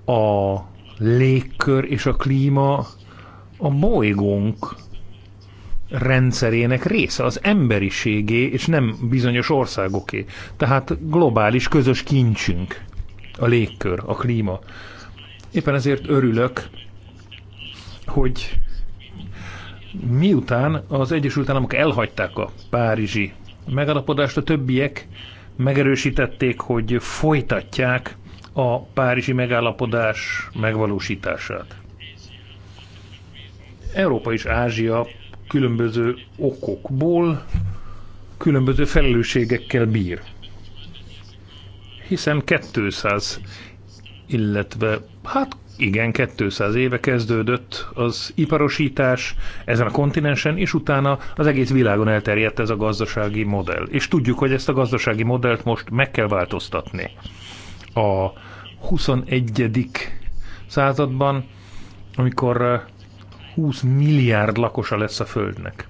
a légkör és a klíma a bolygónk rendszerének része, az emberiségé, és nem bizonyos országoké. Tehát globális közös kincsünk a légkör, a klíma. Éppen ezért örülök, hogy miután az Egyesült Államok elhagyták a párizsi megalapodást, a többiek megerősítették, hogy folytatják a párizsi megállapodás megvalósítását. Európa és Ázsia különböző okokból különböző felelősségekkel bír. Hiszen 200, illetve hát igen, 200 éve kezdődött az iparosítás ezen a kontinensen, és utána az egész világon elterjedt ez a gazdasági modell. És tudjuk, hogy ezt a gazdasági modellt most meg kell változtatni. A 21. században, amikor 20 milliárd lakosa lesz a Földnek.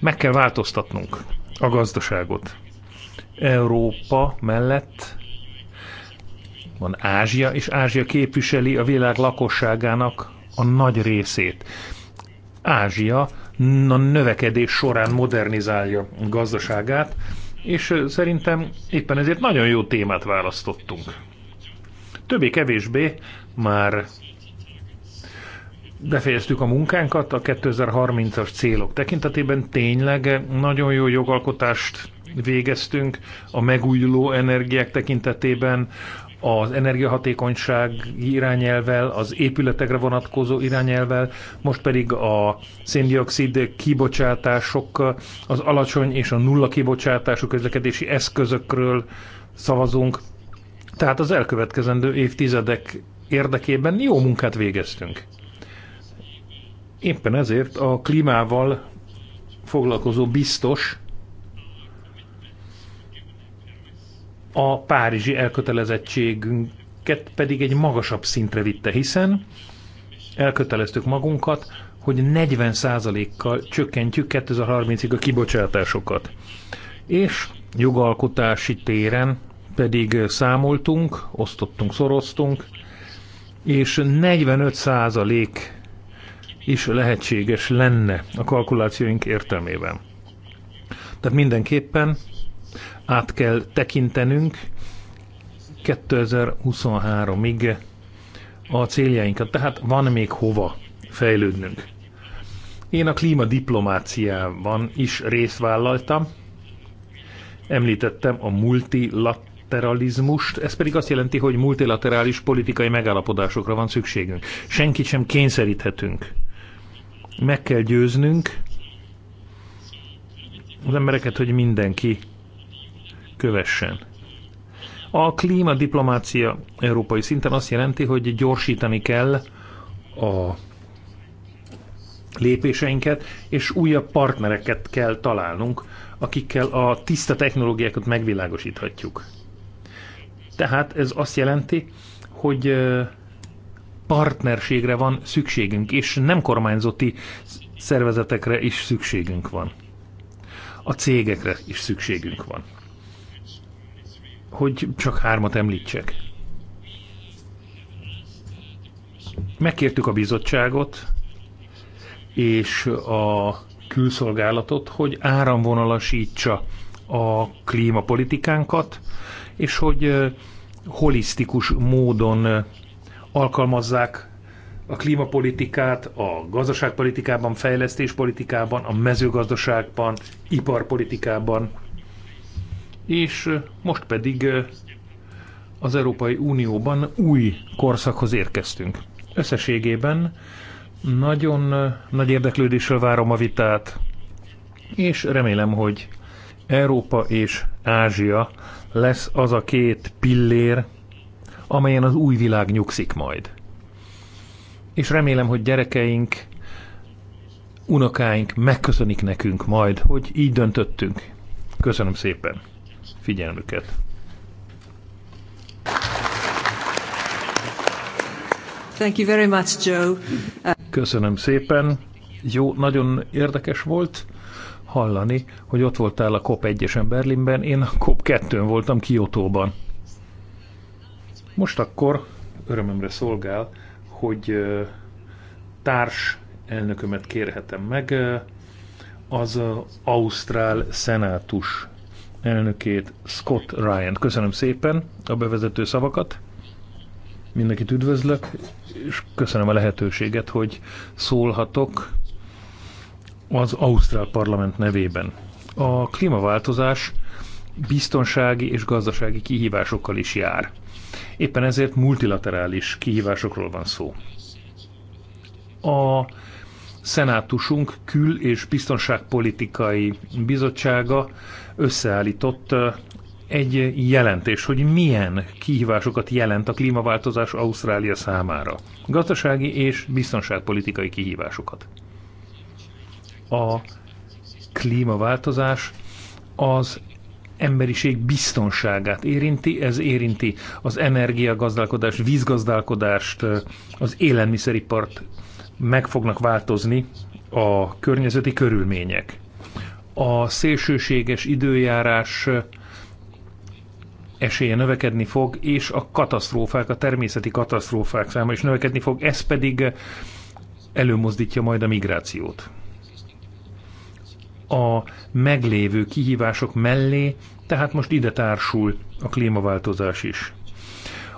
Meg kell változtatnunk a gazdaságot. Európa mellett van Ázsia, és Ázsia képviseli a világ lakosságának a nagy részét. Ázsia a növekedés során modernizálja gazdaságát, és szerintem éppen ezért nagyon jó témát választottunk. Többé-kevésbé már befejeztük a munkánkat a 2030-as célok tekintetében. Tényleg nagyon jó jogalkotást végeztünk a megújuló energiák tekintetében, az energiahatékonyság irányelvel, az épületekre vonatkozó irányelvel, most pedig a széndiokszid kibocsátások, az alacsony és a nulla kibocsátású közlekedési eszközökről szavazunk. Tehát az elkövetkezendő évtizedek érdekében jó munkát végeztünk. Éppen ezért a klímával foglalkozó biztos a párizsi elkötelezettségünket pedig egy magasabb szintre vitte, hiszen elköteleztük magunkat, hogy 40%-kal csökkentjük 2030-ig a kibocsátásokat. És jogalkotási téren pedig számoltunk, osztottunk, szoroztunk, és 45% is lehetséges lenne a kalkulációink értelmében. Tehát mindenképpen át kell tekintenünk 2023-ig a céljainkat, tehát van még hova fejlődnünk. Én a klímadiplomáciában is részt vállaltam, említettem a multilateralizmust, ez pedig azt jelenti, hogy multilaterális politikai megállapodásokra van szükségünk. Senkit sem kényszeríthetünk meg kell győznünk az embereket, hogy mindenki kövessen. A klímadiplomácia európai szinten azt jelenti, hogy gyorsítani kell a lépéseinket, és újabb partnereket kell találnunk, akikkel a tiszta technológiákat megvilágosíthatjuk. Tehát ez azt jelenti, hogy partnerségre van szükségünk, és nem kormányzati szervezetekre is szükségünk van. A cégekre is szükségünk van. Hogy csak hármat említsek. Megkértük a bizottságot és a külszolgálatot, hogy áramvonalasítsa a klímapolitikánkat, és hogy holisztikus módon alkalmazzák a klímapolitikát, a gazdaságpolitikában, fejlesztéspolitikában, a mezőgazdaságban, iparpolitikában. És most pedig az Európai Unióban új korszakhoz érkeztünk. Összességében nagyon nagy érdeklődéssel várom a vitát, és remélem, hogy Európa és Ázsia lesz az a két pillér, amelyen az új világ nyugszik majd. És remélem, hogy gyerekeink, unokáink megköszönik nekünk majd, hogy így döntöttünk. Köszönöm szépen figyelmüket. Thank you very much, Joe. Köszönöm szépen. Jó, nagyon érdekes volt hallani, hogy ott voltál a COP 1-esen Berlinben, én a COP 2-n voltam Kiotóban. Most akkor örömömre szolgál, hogy társ elnökömet kérhetem meg, az Ausztrál Szenátus elnökét, Scott Ryan. Köszönöm szépen a bevezető szavakat. Mindenkit üdvözlök, és köszönöm a lehetőséget, hogy szólhatok az Ausztrál Parlament nevében. A klímaváltozás biztonsági és gazdasági kihívásokkal is jár. Éppen ezért multilaterális kihívásokról van szó. A szenátusunk kül- és biztonságpolitikai bizottsága összeállított egy jelentés, hogy milyen kihívásokat jelent a klímaváltozás Ausztrália számára. Gazdasági és biztonságpolitikai kihívásokat. A klímaváltozás az emberiség biztonságát érinti, ez érinti az energiagazdálkodást, vízgazdálkodást, az élelmiszeripart, meg fognak változni a környezeti körülmények. A szélsőséges időjárás esélye növekedni fog, és a katasztrófák, a természeti katasztrófák száma is növekedni fog, ez pedig előmozdítja majd a migrációt a meglévő kihívások mellé, tehát most ide társul a klímaváltozás is.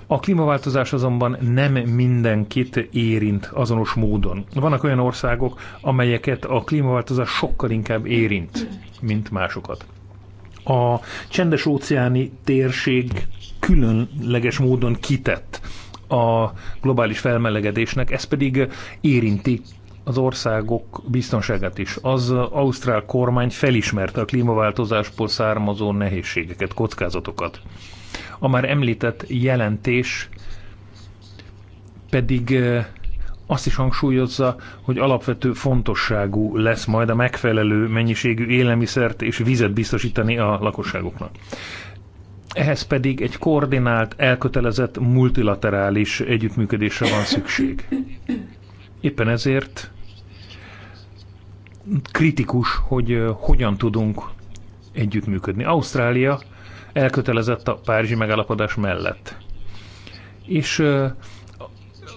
A klímaváltozás azonban nem mindenkit érint azonos módon. Vannak olyan országok, amelyeket a klímaváltozás sokkal inkább érint, mint másokat. A csendes óceáni térség különleges módon kitett a globális felmelegedésnek, ez pedig érinti az országok biztonságát is. Az ausztrál kormány felismerte a klímaváltozásból származó nehézségeket, kockázatokat. A már említett jelentés pedig eh, azt is hangsúlyozza, hogy alapvető fontosságú lesz majd a megfelelő mennyiségű élelmiszert és vizet biztosítani a lakosságoknak. Ehhez pedig egy koordinált, elkötelezett multilaterális együttműködésre van szükség. Éppen ezért kritikus, hogy hogyan tudunk együttműködni. Ausztrália elkötelezett a Párizsi megállapodás mellett. És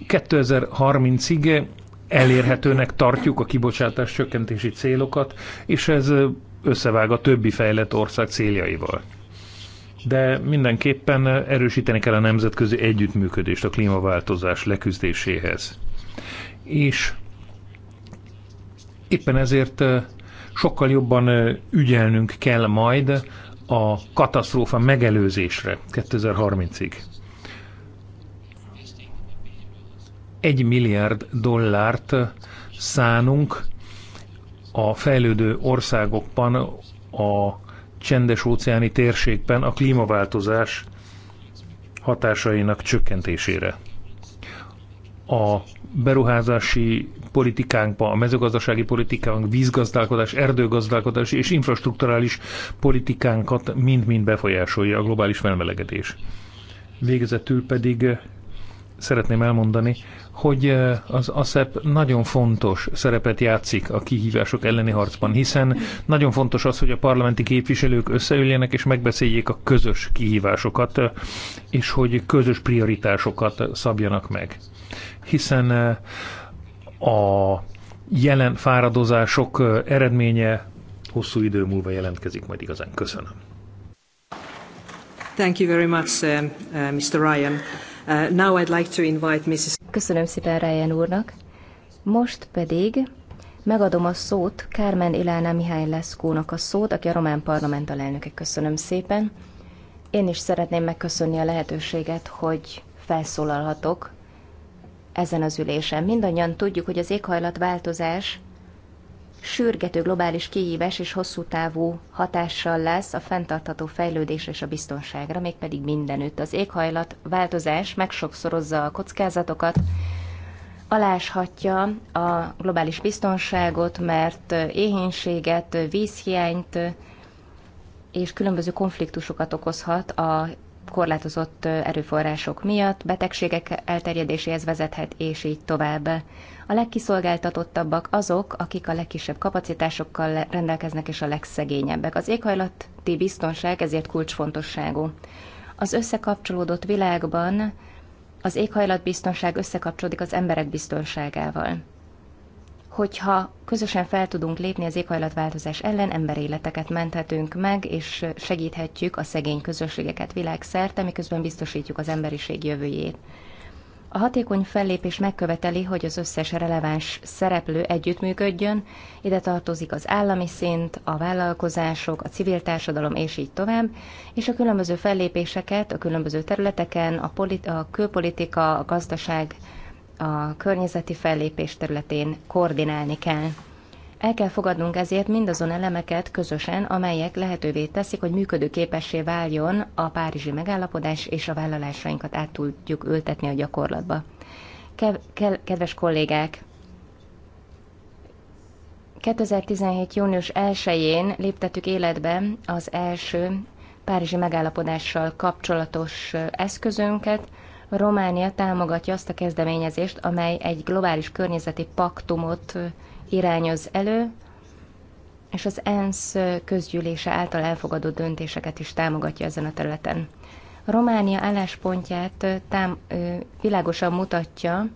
2030-ig elérhetőnek tartjuk a kibocsátás csökkentési célokat, és ez összevág a többi fejlett ország céljaival. De mindenképpen erősíteni kell a nemzetközi együttműködést a klímaváltozás leküzdéséhez. És Éppen ezért sokkal jobban ügyelnünk kell majd a katasztrófa megelőzésre 2030-ig. Egy milliárd dollárt szánunk a fejlődő országokban, a csendes óceáni térségben a klímaváltozás hatásainak csökkentésére a beruházási politikánkba, a mezőgazdasági politikánk, vízgazdálkodás, erdőgazdálkodás és infrastruktúrális politikánkat mind-mind befolyásolja a globális felmelegedés. Végezetül pedig szeretném elmondani, hogy eh, az ASEP nagyon fontos szerepet játszik a kihívások elleni harcban, hiszen nagyon fontos az, hogy a parlamenti képviselők összeüljenek és megbeszéljék a közös kihívásokat, eh, és hogy közös prioritásokat szabjanak meg. Hiszen eh, a jelen fáradozások eredménye hosszú idő múlva jelentkezik majd igazán. Köszönöm. Thank you very much, uh, uh, Mr. Ryan. Uh, now I'd like to invite Mrs. Köszönöm szépen Ryan úrnak. Most pedig megadom a szót Carmen Ilána Mihály Leszkónak a szót, aki a román parlament alelnöke. Köszönöm szépen. Én is szeretném megköszönni a lehetőséget, hogy felszólalhatok ezen az ülésen. Mindannyian tudjuk, hogy az éghajlatváltozás sürgető globális kihívás és hosszú távú hatással lesz a fenntartható fejlődésre és a biztonságra, mégpedig mindenütt. Az éghajlat változás megsokszorozza a kockázatokat, aláshatja a globális biztonságot, mert éhénységet, vízhiányt és különböző konfliktusokat okozhat a korlátozott erőforrások miatt, betegségek elterjedéséhez vezethet, és így tovább. A legkiszolgáltatottabbak azok, akik a legkisebb kapacitásokkal rendelkeznek és a legszegényebbek. Az éghajlati biztonság ezért kulcsfontosságú. Az összekapcsolódott világban az éghajlatbiztonság összekapcsolódik az emberek biztonságával. Hogyha közösen fel tudunk lépni az éghajlatváltozás ellen, emberéleteket menthetünk meg, és segíthetjük a szegény közösségeket világszerte, miközben biztosítjuk az emberiség jövőjét. A hatékony fellépés megköveteli, hogy az összes releváns szereplő együttműködjön, ide tartozik az állami szint, a vállalkozások, a civil társadalom és így tovább, és a különböző fellépéseket a különböző területeken, a, politi- a külpolitika, a gazdaság, a környezeti fellépés területén koordinálni kell. El kell fogadnunk ezért mindazon elemeket közösen, amelyek lehetővé teszik, hogy működőképessé váljon a párizsi megállapodás, és a vállalásainkat át tudjuk ültetni a gyakorlatba. Kev- ke- kedves kollégák, 2017. június 1-én léptettük életbe az első párizsi megállapodással kapcsolatos eszközünket. Románia támogatja azt a kezdeményezést, amely egy globális környezeti paktumot irányoz elő, és az ENSZ közgyűlése által elfogadott döntéseket is támogatja ezen a területen. Románia álláspontját tám, világosan mutatja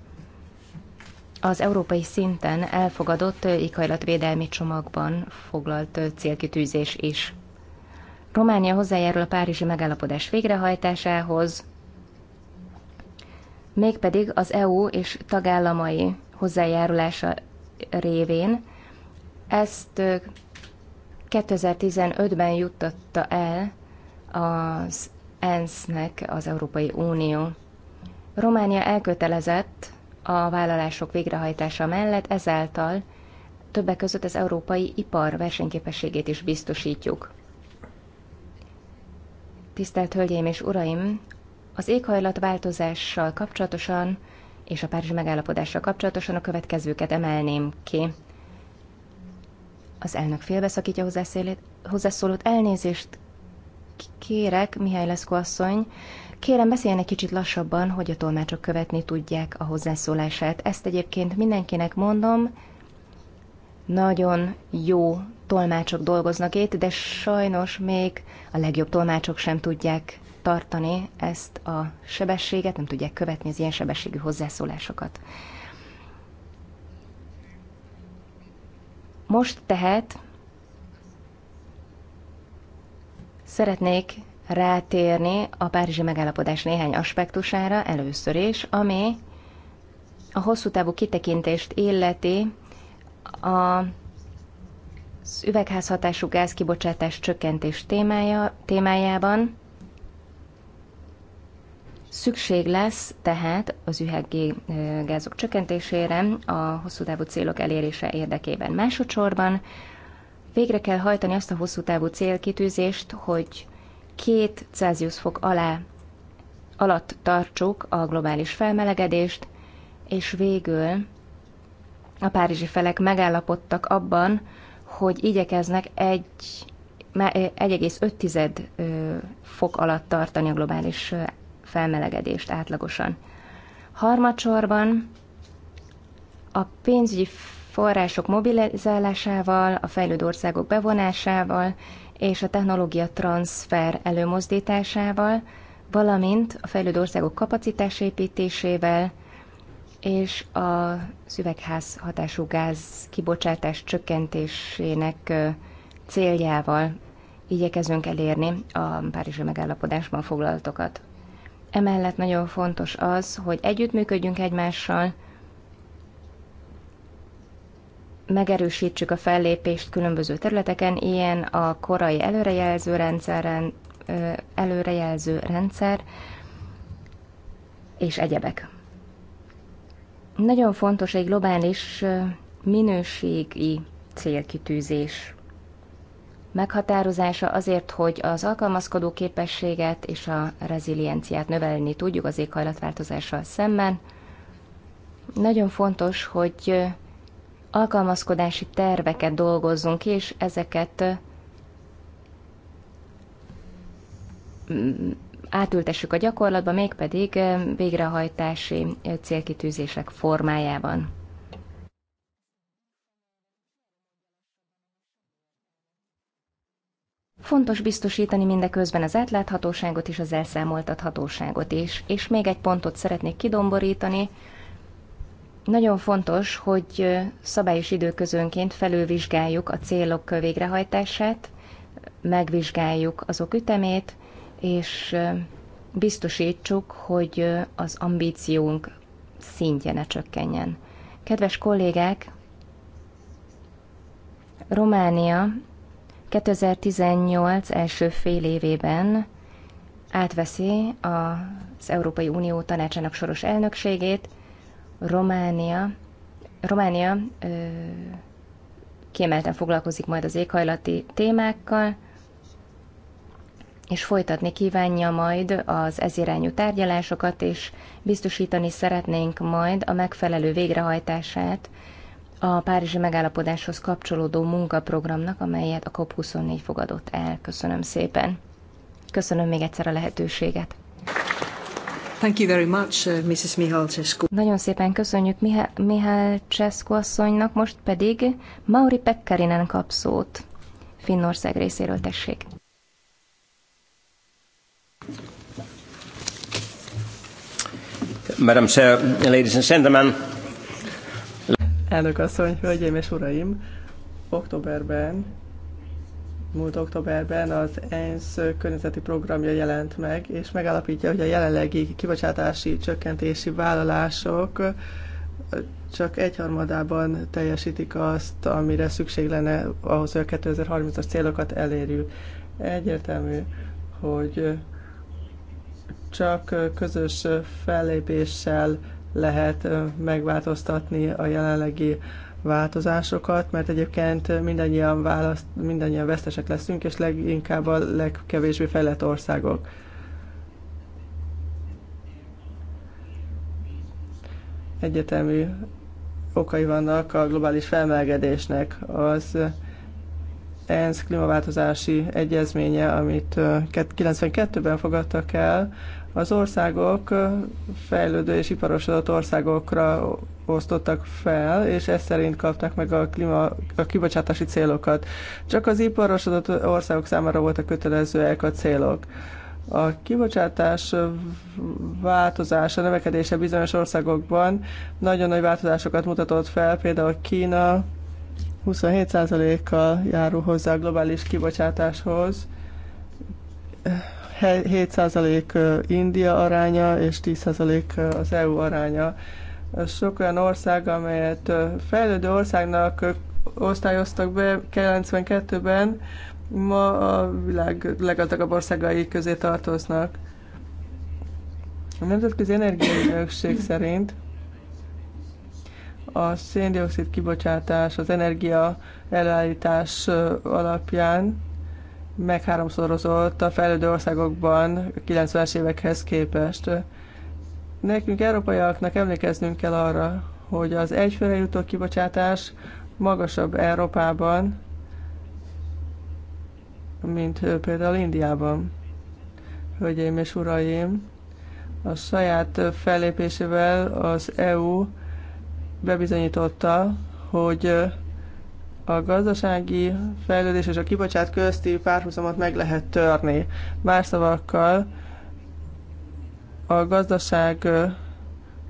az európai szinten elfogadott éghajlatvédelmi csomagban foglalt célkitűzés is. Románia hozzájárul a Párizsi megállapodás végrehajtásához, mégpedig az EU és tagállamai hozzájárulása révén. Ezt 2015-ben juttatta el az ENSZ-nek az Európai Unió. Románia elkötelezett a vállalások végrehajtása mellett, ezáltal többek között az európai ipar versenyképességét is biztosítjuk. Tisztelt Hölgyeim és Uraim! Az éghajlatváltozással kapcsolatosan és a Párizsi megállapodásra kapcsolatosan a következőket emelném ki. Az elnök félbeszakítja hozzászólót. Elnézést kérek, Mihály Leszko asszony. Kérem, beszéljen egy kicsit lassabban, hogy a tolmácsok követni tudják a hozzászólását. Ezt egyébként mindenkinek mondom, nagyon jó tolmácsok dolgoznak itt, de sajnos még a legjobb tolmácsok sem tudják tartani ezt a sebességet, nem tudják követni az ilyen sebességű hozzászólásokat. Most tehát szeretnék rátérni a Párizsi megállapodás néhány aspektusára először is, ami a hosszú távú kitekintést illeti a az üvegházhatású gázkibocsátás csökkentés témája, témájában Szükség lesz tehát az üheggi gázok csökkentésére a hosszú távú célok elérése érdekében. Másodszorban végre kell hajtani azt a hosszú távú célkitűzést, hogy két Celsius fok alá alatt tartsuk a globális felmelegedést, és végül a párizsi felek megállapodtak abban, hogy igyekeznek egy 1,5 fok alatt tartani a globális felmelegedést átlagosan. Harmadsorban a pénzügyi források mobilizálásával, a fejlődő országok bevonásával és a technológia transfer előmozdításával, valamint a fejlődő országok kapacitásépítésével és a szüvegház hatású gáz kibocsátás csökkentésének céljával igyekezünk elérni a Párizsi megállapodásban foglaltokat. Emellett nagyon fontos az, hogy együttműködjünk egymással, megerősítsük a fellépést különböző területeken, ilyen a korai előrejelző rendszeren, előrejelző rendszer és egyebek. Nagyon fontos egy globális minőségi célkitűzés meghatározása azért, hogy az alkalmazkodó képességet és a rezilienciát növelni tudjuk az éghajlatváltozással szemben. Nagyon fontos, hogy alkalmazkodási terveket dolgozzunk és ezeket mm, átültessük a gyakorlatba, mégpedig mm, végrehajtási célkitűzések formájában. Fontos biztosítani mindeközben az átláthatóságot és az elszámoltathatóságot is. És még egy pontot szeretnék kidomborítani. Nagyon fontos, hogy szabályos időközönként felülvizsgáljuk a célok végrehajtását, megvizsgáljuk azok ütemét, és biztosítsuk, hogy az ambíciónk szintje ne csökkenjen. Kedves kollégák, Románia 2018 első fél évében átveszi az Európai Unió tanácsának soros elnökségét, Románia, Románia ö, kiemelten foglalkozik majd az éghajlati témákkal, és folytatni kívánja majd az ezirányú tárgyalásokat, és biztosítani szeretnénk majd a megfelelő végrehajtását a Párizsi megállapodáshoz kapcsolódó munkaprogramnak, amelyet a COP24 fogadott el. Köszönöm szépen. Köszönöm még egyszer a lehetőséget. Thank you very much, uh, Mrs. Mihalcescu. Nagyon szépen köszönjük Mihá- Mihalcescu asszonynak, most pedig Mauri Pekkarinen kap szót. Finnország részéről tessék. Madam Sir, ladies and gentlemen, Elnök asszony, hölgyeim és uraim, októberben, múlt októberben az ENSZ környezeti programja jelent meg, és megállapítja, hogy a jelenlegi kibocsátási csökkentési vállalások csak egyharmadában teljesítik azt, amire szükség lenne ahhoz, hogy a 2030-as célokat elérjük. Egyértelmű, hogy csak közös fellépéssel lehet megváltoztatni a jelenlegi változásokat, mert egyébként mindannyian, választ, mindannyian vesztesek leszünk, és leginkább a legkevésbé fejlett országok. Egyetemű okai vannak a globális felmelegedésnek. Az ENSZ klímaváltozási egyezménye, amit 92-ben fogadtak el, az országok fejlődő és iparosodott országokra osztottak fel, és ez szerint kapták meg a, klíma, a kibocsátási célokat. Csak az iparosodott országok számára voltak kötelezőek a célok. A kibocsátás változása, növekedése bizonyos országokban nagyon nagy változásokat mutatott fel, például Kína 27%-kal járul hozzá a globális kibocsátáshoz, 7% India aránya és 10% az EU aránya. Sok olyan ország, amelyet fejlődő országnak osztályoztak be 92-ben, ma a világ leggazdagabb országai közé tartoznak. A Nemzetközi Energiai Ökség szerint a széndiokszid kibocsátás az energia előállítás alapján megháromszorozott a fejlődő országokban 90-es évekhez képest. Nekünk, európaiaknak emlékeznünk kell arra, hogy az egyfőre jutó kibocsátás magasabb Európában, mint például Indiában. Hölgyeim és uraim, a saját fellépésével az EU bebizonyította, hogy a gazdasági fejlődés és a kibocsát közti párhuzamot meg lehet törni. Más szavakkal a gazdaság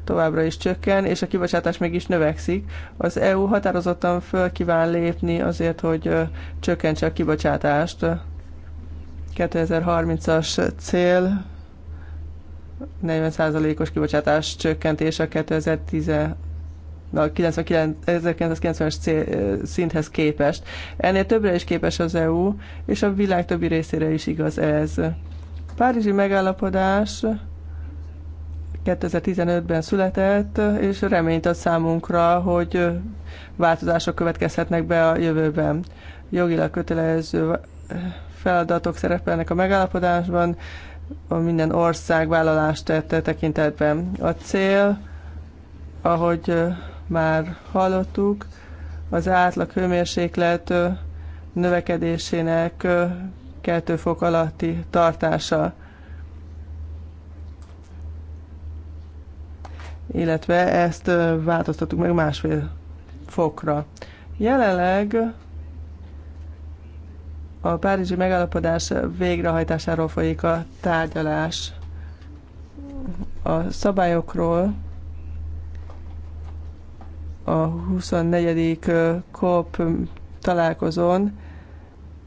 továbbra is csökken, és a kibocsátás mégis növekszik. Az EU határozottan föl kíván lépni azért, hogy csökkentse a kibocsátást. 2030-as cél 40%-os kibocsátás csökkentése 2010 a 1990-es szinthez képest. Ennél többre is képes az EU, és a világ többi részére is igaz ez. Párizsi megállapodás 2015-ben született, és reményt ad számunkra, hogy változások következhetnek be a jövőben. Jogilag kötelező feladatok szerepelnek a megállapodásban, a minden ország vállalást tette tekintetben. A cél, ahogy már hallottuk, az átlag hőmérséklet növekedésének 2 fok alatti tartása. Illetve ezt változtattuk meg másfél fokra. Jelenleg a Párizsi megállapodás végrehajtásáról folyik a tárgyalás. A szabályokról a 24. COP találkozón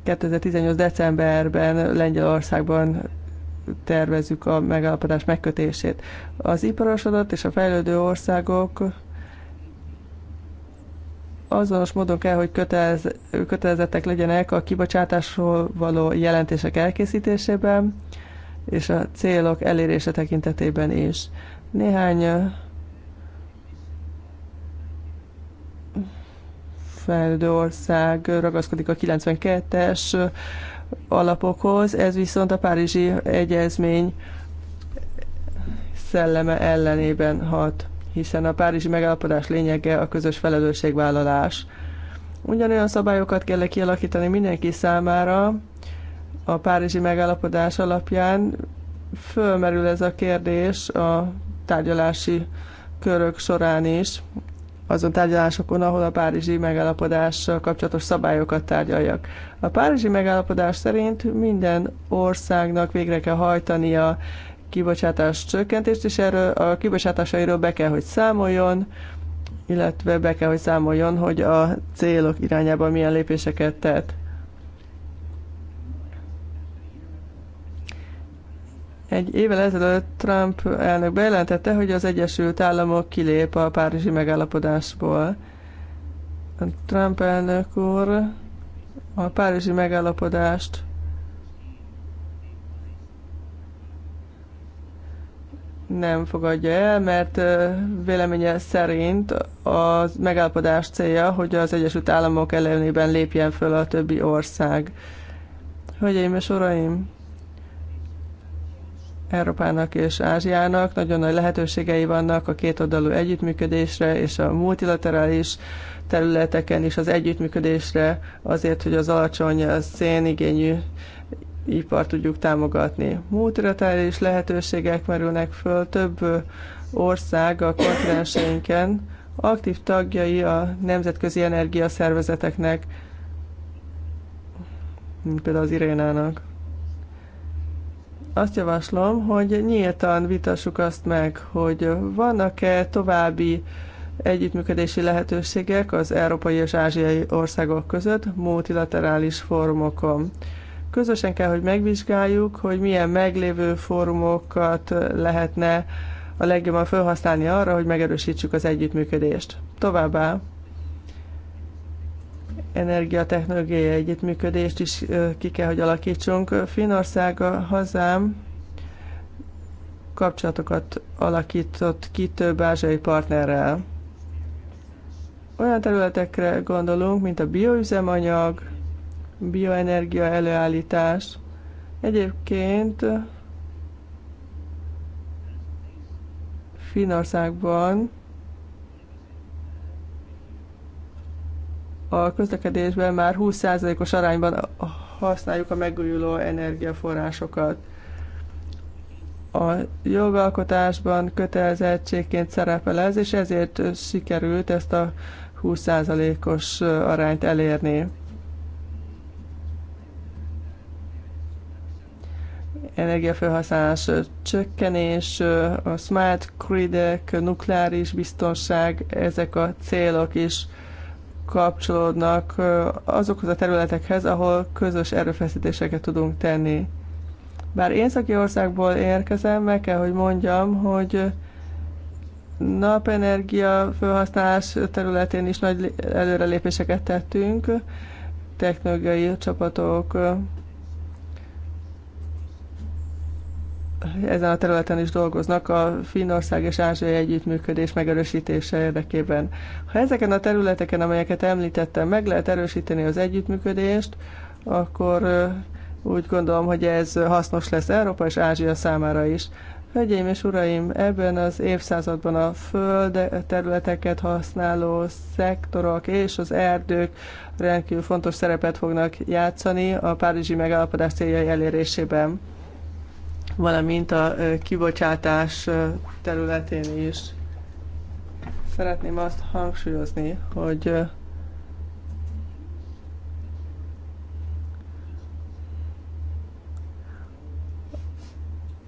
2018. decemberben Lengyelországban tervezzük a megállapodás megkötését. Az iparosodott és a fejlődő országok azonos módon kell, hogy kötelez, kötelezettek legyenek a kibocsátásról való jelentések elkészítésében és a célok elérése tekintetében is. Néhány fejlődő ország ragaszkodik a 92-es alapokhoz, ez viszont a Párizsi Egyezmény szelleme ellenében hat, hiszen a Párizsi megállapodás lényege a közös felelősségvállalás. Ugyanolyan szabályokat kell kialakítani mindenki számára a Párizsi megállapodás alapján. Fölmerül ez a kérdés a tárgyalási körök során is, azon tárgyalásokon, ahol a Párizsi megállapodás kapcsolatos szabályokat tárgyaljak. A Párizsi megállapodás szerint minden országnak végre kell hajtania kibocsátás csökkentést, és erről a kibocsátásairól be kell, hogy számoljon, illetve be kell, hogy számoljon, hogy a célok irányában milyen lépéseket tett. Egy évvel ezelőtt Trump elnök bejelentette, hogy az Egyesült Államok kilép a Párizsi megállapodásból. Trump elnök úr a Párizsi megállapodást nem fogadja el, mert véleménye szerint a megállapodás célja, hogy az Egyesült Államok ellenében lépjen föl a többi ország. Hölgyeim és uraim! Európának és Ázsiának nagyon nagy lehetőségei vannak a két oldalú együttműködésre és a multilaterális területeken is az együttműködésre azért, hogy az alacsony szénigényű ipar tudjuk támogatni. Multilaterális lehetőségek merülnek föl több ország a kontinenseinken, aktív tagjai a nemzetközi energiaszervezeteknek, mint például az Irénának azt javaslom, hogy nyíltan vitassuk azt meg, hogy vannak-e további együttműködési lehetőségek az európai és ázsiai országok között multilaterális fórumokon. Közösen kell, hogy megvizsgáljuk, hogy milyen meglévő fórumokat lehetne a legjobban felhasználni arra, hogy megerősítsük az együttműködést. Továbbá energiatechnológiai együttműködést is ki kell, hogy alakítsunk. Finország, a hazám kapcsolatokat alakított ki több ázsiai partnerrel. Olyan területekre gondolunk, mint a bioüzemanyag, bioenergia előállítás. Egyébként Finországban a közlekedésben már 20%-os arányban használjuk a megújuló energiaforrásokat. A jogalkotásban kötelezettségként szerepel ez, és ezért sikerült ezt a 20%-os arányt elérni. energiafelhasználás csökkenés, a smart gridek, nukleáris biztonság, ezek a célok is kapcsolódnak azokhoz a területekhez, ahol közös erőfeszítéseket tudunk tenni. Bár én országból érkezem, meg kell, hogy mondjam, hogy napenergia felhasználás területén is nagy előrelépéseket tettünk, technológiai csapatok ezen a területen is dolgoznak a Finnország és Ázsiai együttműködés megerősítése érdekében. Ha ezeken a területeken, amelyeket említettem, meg lehet erősíteni az együttműködést, akkor úgy gondolom, hogy ez hasznos lesz Európa és Ázsia számára is. Hölgyeim és uraim, ebben az évszázadban a föld területeket használó szektorok és az erdők rendkívül fontos szerepet fognak játszani a Párizsi megállapodás céljai elérésében valamint a kibocsátás területén is. Szeretném azt hangsúlyozni, hogy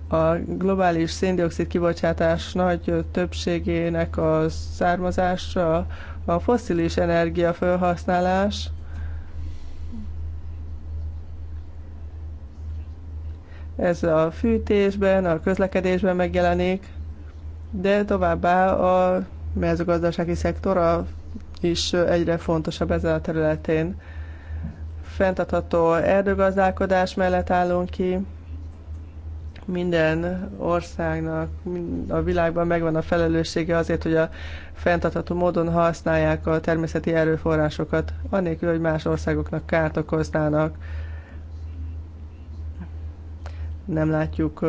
a globális széndiokszid kibocsátás nagy többségének a származása a foszilis energia felhasználás, Ez a fűtésben, a közlekedésben megjelenik, de továbbá a mezőgazdasági szektora is egyre fontosabb ezen a területén. Fentartható erdőgazdálkodás mellett állunk ki, minden országnak a világban megvan a felelőssége azért, hogy a fenntartható módon használják a természeti erőforrásokat, anélkül, hogy más országoknak kárt okoznának nem látjuk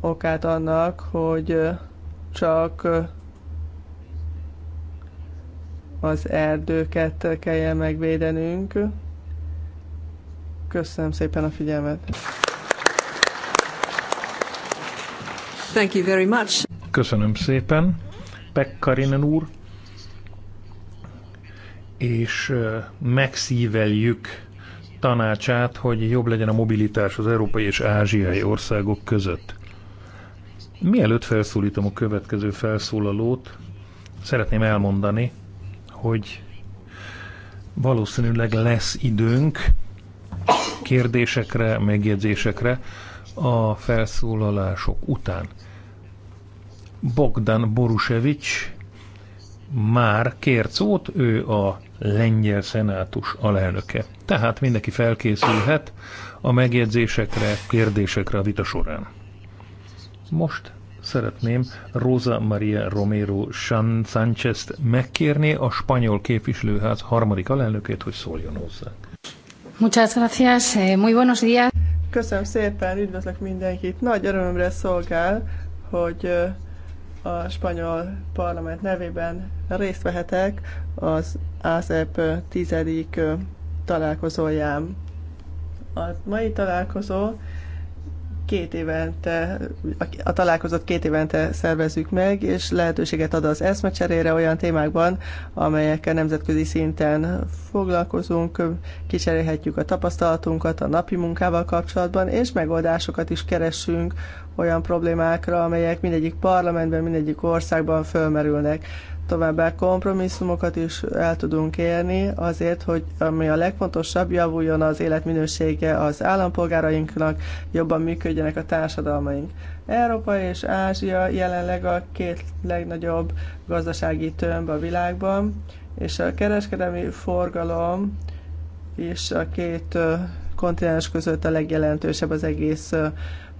okát annak, hogy csak az erdőket kelljen megvédenünk. Köszönöm szépen a figyelmet. Thank you very much. Köszönöm szépen, Pekkarinen úr, és megszíveljük tanácsát, hogy jobb legyen a mobilitás az európai és ázsiai országok között. Mielőtt felszólítom a következő felszólalót, szeretném elmondani, hogy valószínűleg lesz időnk kérdésekre, megjegyzésekre a felszólalások után. Bogdan Borusevics már kért szót, ő a lengyel szenátus alelnöke. Tehát mindenki felkészülhet a megjegyzésekre, kérdésekre a vita során. Most szeretném Rosa Maria Romero San t megkérni a spanyol képviselőház harmadik alelnökét, hogy szóljon hozzá. Muchas gracias, eh, muy buenos días. Köszönöm szépen, üdvözlök mindenkit. Nagy örömömre szolgál, hogy eh, a spanyol parlament nevében részt vehetek az ASEP tizedik találkozóján. A mai találkozó két évente, a találkozót két évente szervezzük meg, és lehetőséget ad az eszmecserére olyan témákban, amelyekkel nemzetközi szinten foglalkozunk, kicserélhetjük a tapasztalatunkat a napi munkával kapcsolatban, és megoldásokat is keresünk olyan problémákra, amelyek mindegyik parlamentben, mindegyik országban fölmerülnek. Továbbá kompromisszumokat is el tudunk érni azért, hogy ami a legfontosabb, javuljon az életminősége az állampolgárainknak, jobban működjenek a társadalmaink. Európa és Ázsia jelenleg a két legnagyobb gazdasági tömb a világban, és a kereskedelmi forgalom és a két kontinens között a legjelentősebb az egész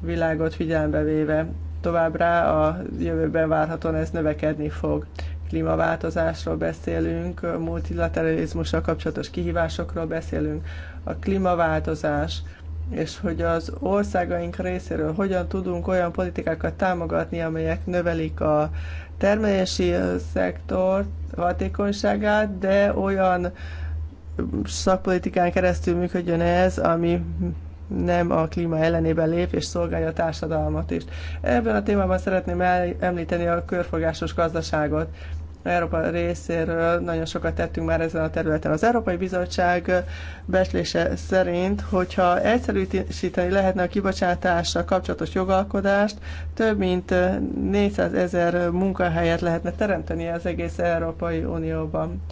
világot figyelembe véve. Továbbra a jövőben várhatóan ez növekedni fog. Klímaváltozásról beszélünk, multilateralizmussal kapcsolatos kihívásokról beszélünk. A klímaváltozás, és hogy az országaink részéről hogyan tudunk olyan politikákat támogatni, amelyek növelik a termelési szektor hatékonyságát, de olyan szakpolitikán keresztül működjön ez, ami nem a klíma ellenében lép és szolgálja a társadalmat is. Ebben a témában szeretném említeni a körfogásos gazdaságot. Európa részéről nagyon sokat tettünk már ezen a területen. Az Európai Bizottság beszélése szerint, hogyha egyszerűsíteni lehetne a kibocsátással kapcsolatos jogalkodást, több mint 400 ezer munkahelyet lehetne teremteni az egész Európai Unióban.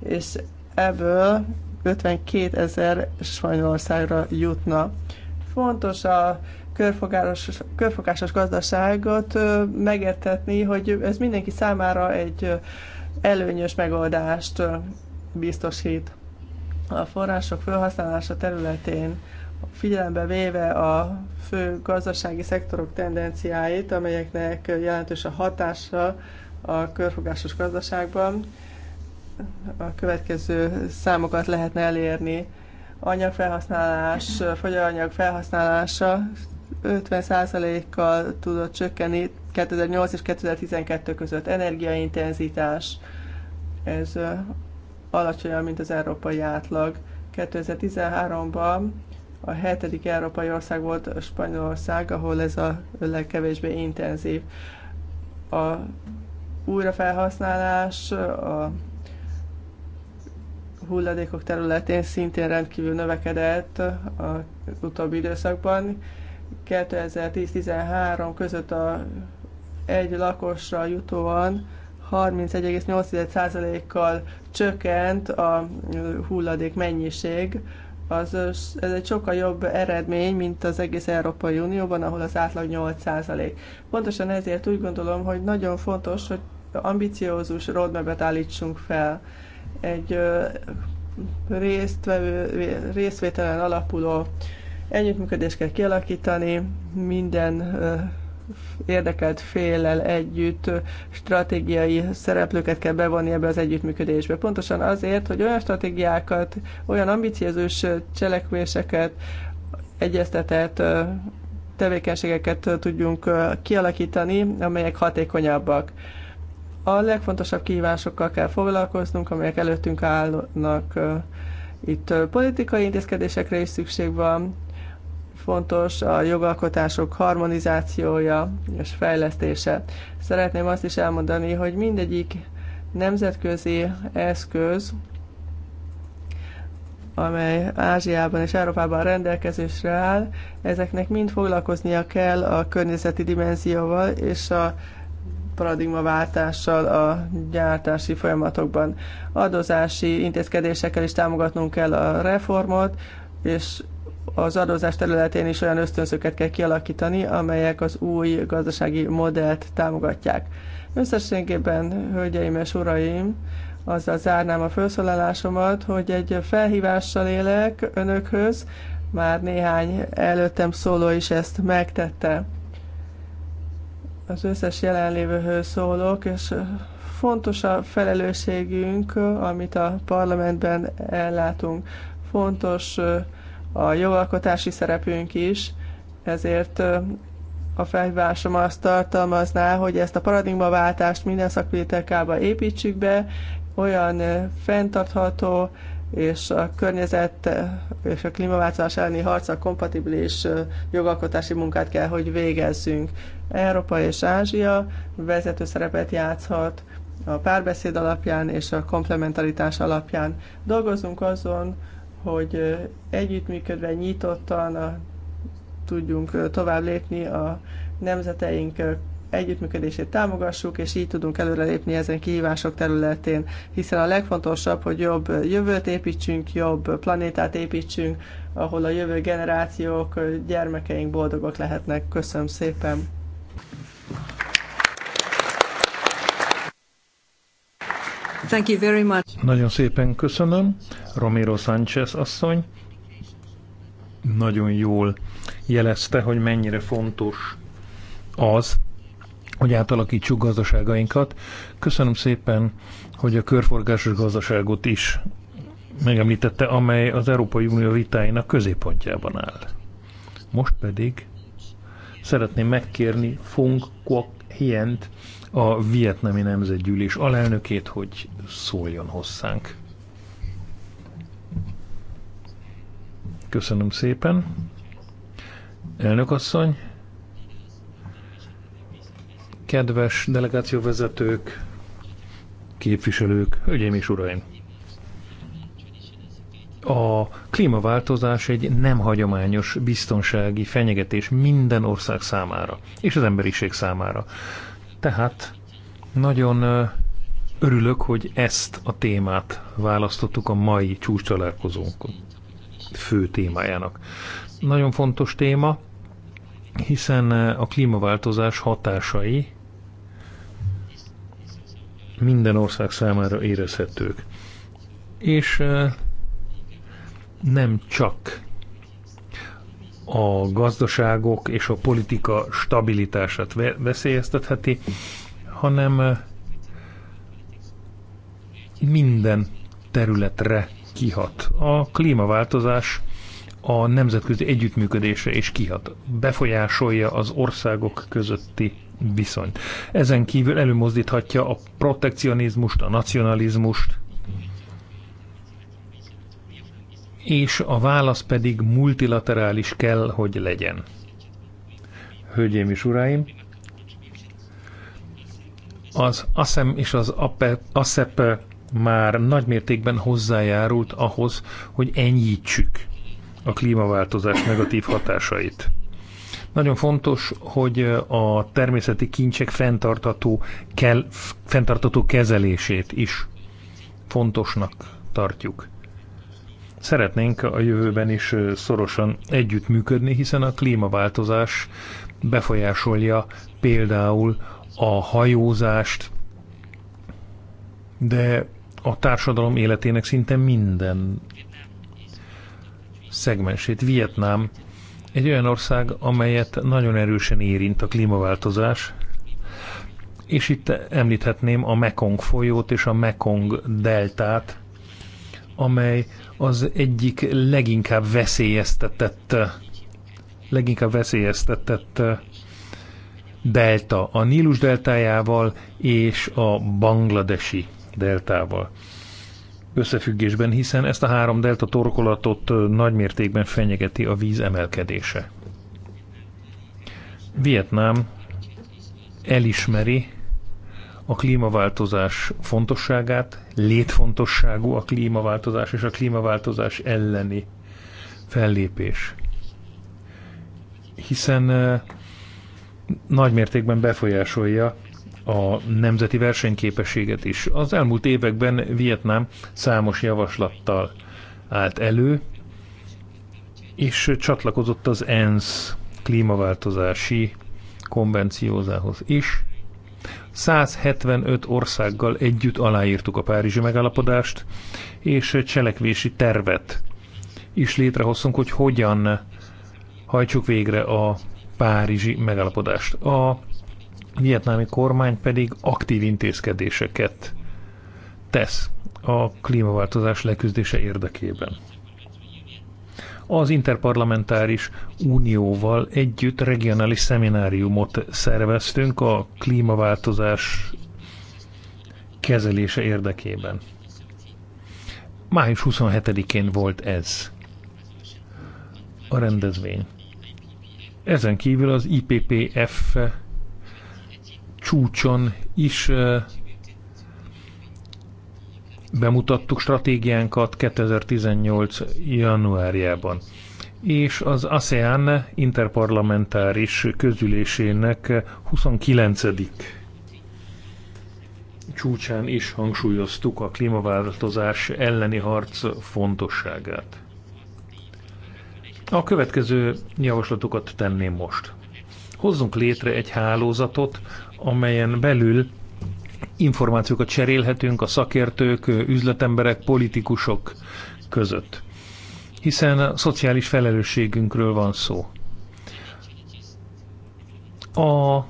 És ebből 52 ezer Spanyolországra jutna. Fontos a körfogásos, körfogásos gazdaságot megértetni, hogy ez mindenki számára egy előnyös megoldást biztosít. A források felhasználása területén figyelembe véve a fő gazdasági szektorok tendenciáit, amelyeknek jelentős a hatása a körfogásos gazdaságban, a következő számokat lehetne elérni. Anyagfelhasználás, fogyóanyag felhasználása 50%-kal tudott csökkenni 2008 és 2012 között. Energiaintenzitás, ez alacsonyabb, mint az európai átlag. 2013-ban a hetedik európai ország volt a Spanyolország, ahol ez a legkevésbé intenzív. A újrafelhasználás, a hulladékok területén szintén rendkívül növekedett az utóbbi időszakban. 2010-13 között a egy lakosra jutóan 31,8%-kal csökkent a hulladék mennyiség. Az, ez egy sokkal jobb eredmény, mint az egész Európai Unióban, ahol az átlag 8%. Pontosan ezért úgy gondolom, hogy nagyon fontos, hogy ambiciózus roadmap állítsunk fel egy résztvevő, részvételen alapuló együttműködést kell kialakítani, minden érdekelt félel együtt stratégiai szereplőket kell bevonni ebbe az együttműködésbe. Pontosan azért, hogy olyan stratégiákat, olyan ambiciózus cselekvéseket, egyeztetett tevékenységeket tudjunk kialakítani, amelyek hatékonyabbak. A legfontosabb kihívásokkal kell foglalkoznunk, amelyek előttünk állnak. Itt politikai intézkedésekre is szükség van, fontos a jogalkotások harmonizációja és fejlesztése. Szeretném azt is elmondani, hogy mindegyik nemzetközi eszköz, amely Ázsiában és Európában rendelkezésre áll, ezeknek mind foglalkoznia kell a környezeti dimenzióval és a paradigmaváltással a gyártási folyamatokban. Adózási intézkedésekkel is támogatnunk kell a reformot, és az adózás területén is olyan ösztönzőket kell kialakítani, amelyek az új gazdasági modellt támogatják. Összességében, hölgyeim és uraim, azzal zárnám a felszólalásomat, hogy egy felhívással élek önökhöz, már néhány előttem szóló is ezt megtette az összes jelenlévőhöz szólok, és fontos a felelősségünk, amit a parlamentben ellátunk. Fontos a jogalkotási szerepünk is, ezért a felhívásom azt tartalmazná, hogy ezt a paradigmaváltást minden szakpolitikába építsük be, olyan fenntartható és a környezet és a klímaváltozás elleni harca kompatibilis jogalkotási munkát kell, hogy végezzünk. Európa és Ázsia vezető szerepet játszhat a párbeszéd alapján és a komplementaritás alapján. Dolgozunk azon, hogy együttműködve nyitottan a, tudjunk tovább lépni a nemzeteink együttműködését támogassuk, és így tudunk előrelépni ezen kihívások területén, hiszen a legfontosabb, hogy jobb jövőt építsünk, jobb planétát építsünk, ahol a jövő generációk, gyermekeink boldogok lehetnek. Köszönöm szépen! Thank you very much. Nagyon szépen köszönöm. Romero Sánchez asszony nagyon jól jelezte, hogy mennyire fontos az, hogy átalakítsuk gazdaságainkat. Köszönöm szépen, hogy a körforgásos gazdaságot is megemlítette, amely az Európai Unió vitáinak középpontjában áll. Most pedig szeretném megkérni Fung Quoc Hient, a vietnami nemzetgyűlés alelnökét, hogy szóljon hozzánk. Köszönöm szépen. Elnök asszony, Kedves delegációvezetők, képviselők, hölgyeim és uraim! A klímaváltozás egy nem hagyományos biztonsági fenyegetés minden ország számára, és az emberiség számára. Tehát nagyon örülök, hogy ezt a témát választottuk a mai csúcstalálkozónkon fő témájának. Nagyon fontos téma, hiszen a klímaváltozás hatásai minden ország számára érezhetők. És nem csak a gazdaságok és a politika stabilitását veszélyeztetheti, hanem minden területre kihat. A klímaváltozás a nemzetközi együttműködése is kihat. Befolyásolja az országok közötti Viszony. Ezen kívül előmozdíthatja a protekcionizmust, a nacionalizmust, és a válasz pedig multilaterális kell, hogy legyen. Hölgyeim és uraim, az ASEM és az ASEP már nagymértékben hozzájárult ahhoz, hogy enyhítsük a klímaváltozás negatív hatásait. Nagyon fontos, hogy a természeti kincsek fenntartató, kell, fenntartató kezelését is fontosnak tartjuk. Szeretnénk a jövőben is szorosan együttműködni, hiszen a klímaváltozás befolyásolja például a hajózást, de a társadalom életének szinte minden szegmensét. Vietnám egy olyan ország, amelyet nagyon erősen érint a klímaváltozás, és itt említhetném a Mekong folyót és a Mekong deltát, amely az egyik leginkább veszélyeztetett leginkább veszélyeztetett delta a Nílus deltájával és a bangladesi deltával összefüggésben, hiszen ezt a három delta torkolatot nagymértékben fenyegeti a víz emelkedése. Vietnám elismeri a klímaváltozás fontosságát, létfontosságú a klímaváltozás és a klímaváltozás elleni fellépés. Hiszen nagymértékben befolyásolja a nemzeti versenyképességet is. Az elmúlt években Vietnám számos javaslattal állt elő, és csatlakozott az ENSZ klímaváltozási konvenciózához is. 175 országgal együtt aláírtuk a Párizsi megállapodást, és cselekvési tervet is létrehoztunk, hogy hogyan hajtsuk végre a Párizsi megállapodást. A vietnámi kormány pedig aktív intézkedéseket tesz a klímaváltozás leküzdése érdekében. Az interparlamentáris unióval együtt regionális szemináriumot szerveztünk a klímaváltozás kezelése érdekében. Május 27-én volt ez a rendezvény. Ezen kívül az IPPF csúcson is bemutattuk stratégiánkat 2018. januárjában. És az ASEAN interparlamentáris közülésének 29 csúcsán is hangsúlyoztuk a klímaváltozás elleni harc fontosságát. A következő javaslatokat tenném most. Hozzunk létre egy hálózatot, amelyen belül információkat cserélhetünk a szakértők, üzletemberek, politikusok között. Hiszen a szociális felelősségünkről van szó. A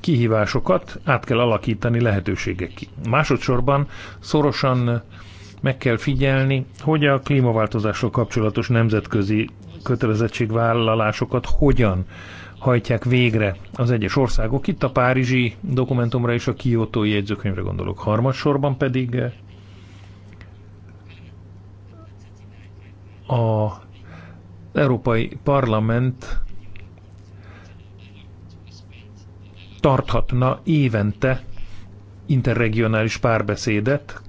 kihívásokat át kell alakítani lehetőségekig. Másodszorban szorosan meg kell figyelni, hogy a klímaváltozással kapcsolatos nemzetközi kötelezettségvállalásokat hogyan hajtják végre az egyes országok. Itt a párizsi dokumentumra és a kiotói jegyzőkönyvre gondolok. Harmadsorban pedig a Európai Parlament tarthatna évente interregionális párbeszédet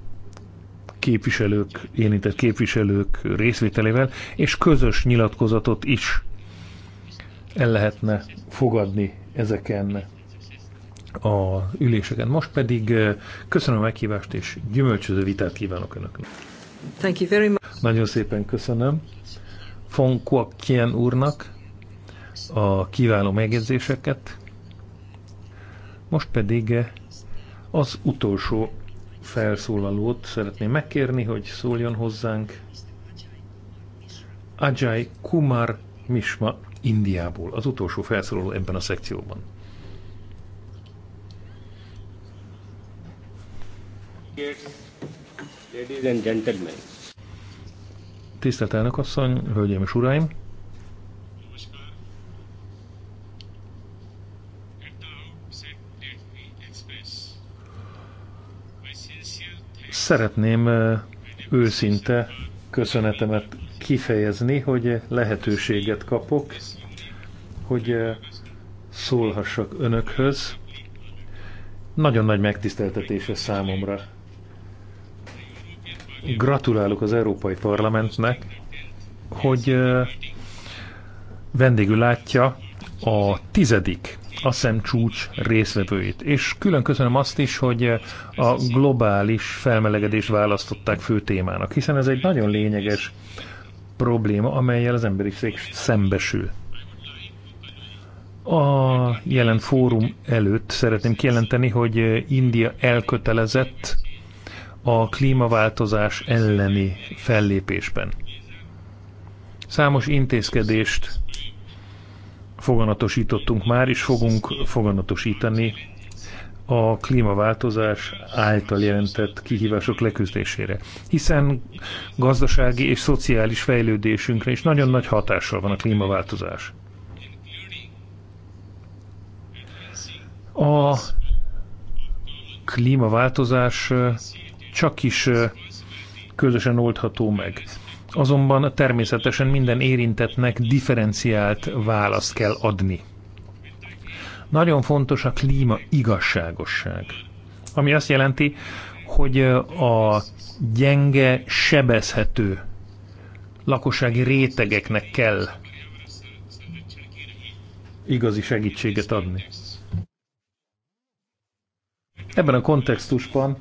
képviselők, érintett képviselők részvételével, és közös nyilatkozatot is el lehetne fogadni ezeken a üléseken. Most pedig eh, köszönöm a meghívást, és gyümölcsöző vitát kívánok Önöknek. Thank you very much. Nagyon szépen köszönöm Fon kien úrnak a kiváló megjegyzéseket. Most pedig eh, az utolsó felszólalót szeretném megkérni, hogy szóljon hozzánk. Ajay Kumar Mishma Indiából, az utolsó felszólaló ebben a szekcióban. Tisztelt elnök asszony, hölgyeim és uraim! Szeretném őszinte köszönetemet kifejezni, hogy lehetőséget kapok, hogy eh, szólhassak önökhöz. Nagyon nagy megtiszteltetés számomra. Gratulálok az Európai Parlamentnek, hogy eh, vendégül látja a tizedik a szemcsúcs részvevőit. És külön köszönöm azt is, hogy eh, a globális felmelegedést választották fő témának, hiszen ez egy nagyon lényeges probléma, amelyel az emberiség szembesül. A jelen fórum előtt szeretném kijelenteni, hogy India elkötelezett a klímaváltozás elleni fellépésben. Számos intézkedést foganatosítottunk már, és fogunk foganatosítani a klímaváltozás által jelentett kihívások leküzdésére, hiszen gazdasági és szociális fejlődésünkre is nagyon nagy hatással van a klímaváltozás. A klímaváltozás csak is közösen oldható meg. Azonban természetesen minden érintetnek differenciált választ kell adni nagyon fontos a klíma igazságosság, ami azt jelenti, hogy a gyenge, sebezhető lakossági rétegeknek kell igazi segítséget adni. Ebben a kontextusban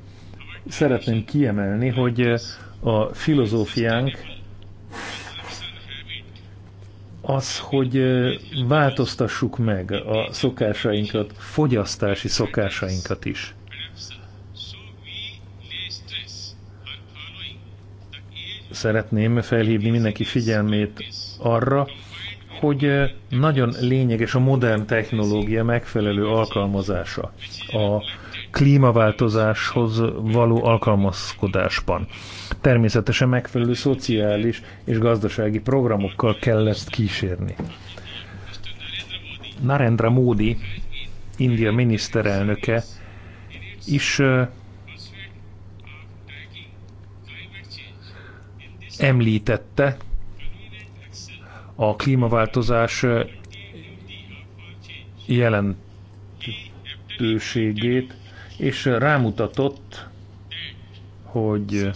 szeretném kiemelni, hogy a filozófiánk az, hogy változtassuk meg a szokásainkat, fogyasztási szokásainkat is. Szeretném felhívni mindenki figyelmét arra, hogy nagyon lényeges a modern technológia megfelelő alkalmazása a klímaváltozáshoz való alkalmazkodásban. Természetesen megfelelő szociális és gazdasági programokkal kell ezt kísérni. Narendra Modi, India miniszterelnöke is említette a klímaváltozás jelentőségét, és rámutatott, hogy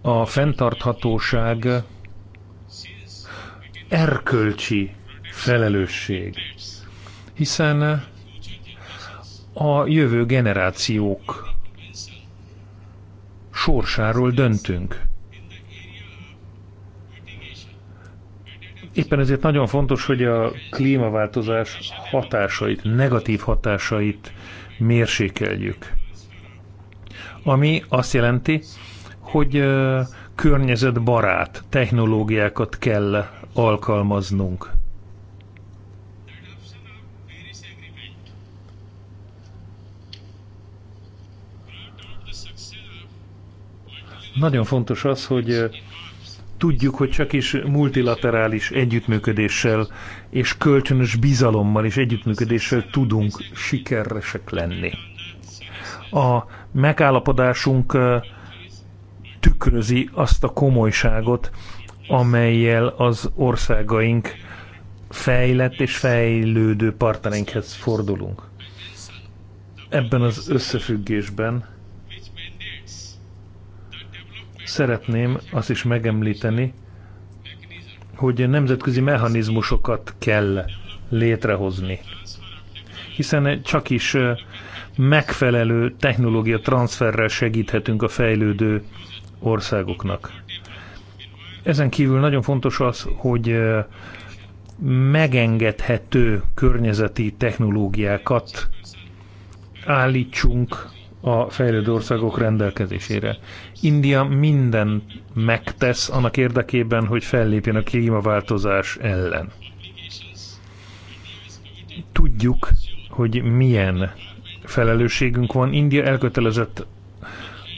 a fenntarthatóság erkölcsi felelősség, hiszen a jövő generációk sorsáról döntünk. Éppen ezért nagyon fontos, hogy a klímaváltozás hatásait, negatív hatásait mérsékeljük. Ami azt jelenti, hogy környezetbarát technológiákat kell alkalmaznunk. Nagyon fontos az, hogy tudjuk, hogy csak is multilaterális együttműködéssel és kölcsönös bizalommal és együttműködéssel tudunk sikeresek lenni. A megállapodásunk tükrözi azt a komolyságot, amelyel az országaink fejlett és fejlődő partnerinkhez fordulunk. Ebben az összefüggésben szeretném azt is megemlíteni, hogy nemzetközi mechanizmusokat kell létrehozni. Hiszen csak is megfelelő technológia transferrel segíthetünk a fejlődő országoknak. Ezen kívül nagyon fontos az, hogy megengedhető környezeti technológiákat állítsunk a fejlődő országok rendelkezésére. India minden megtesz annak érdekében, hogy fellépjen a klímaváltozás ellen. Tudjuk, hogy milyen felelősségünk van. India elkötelezett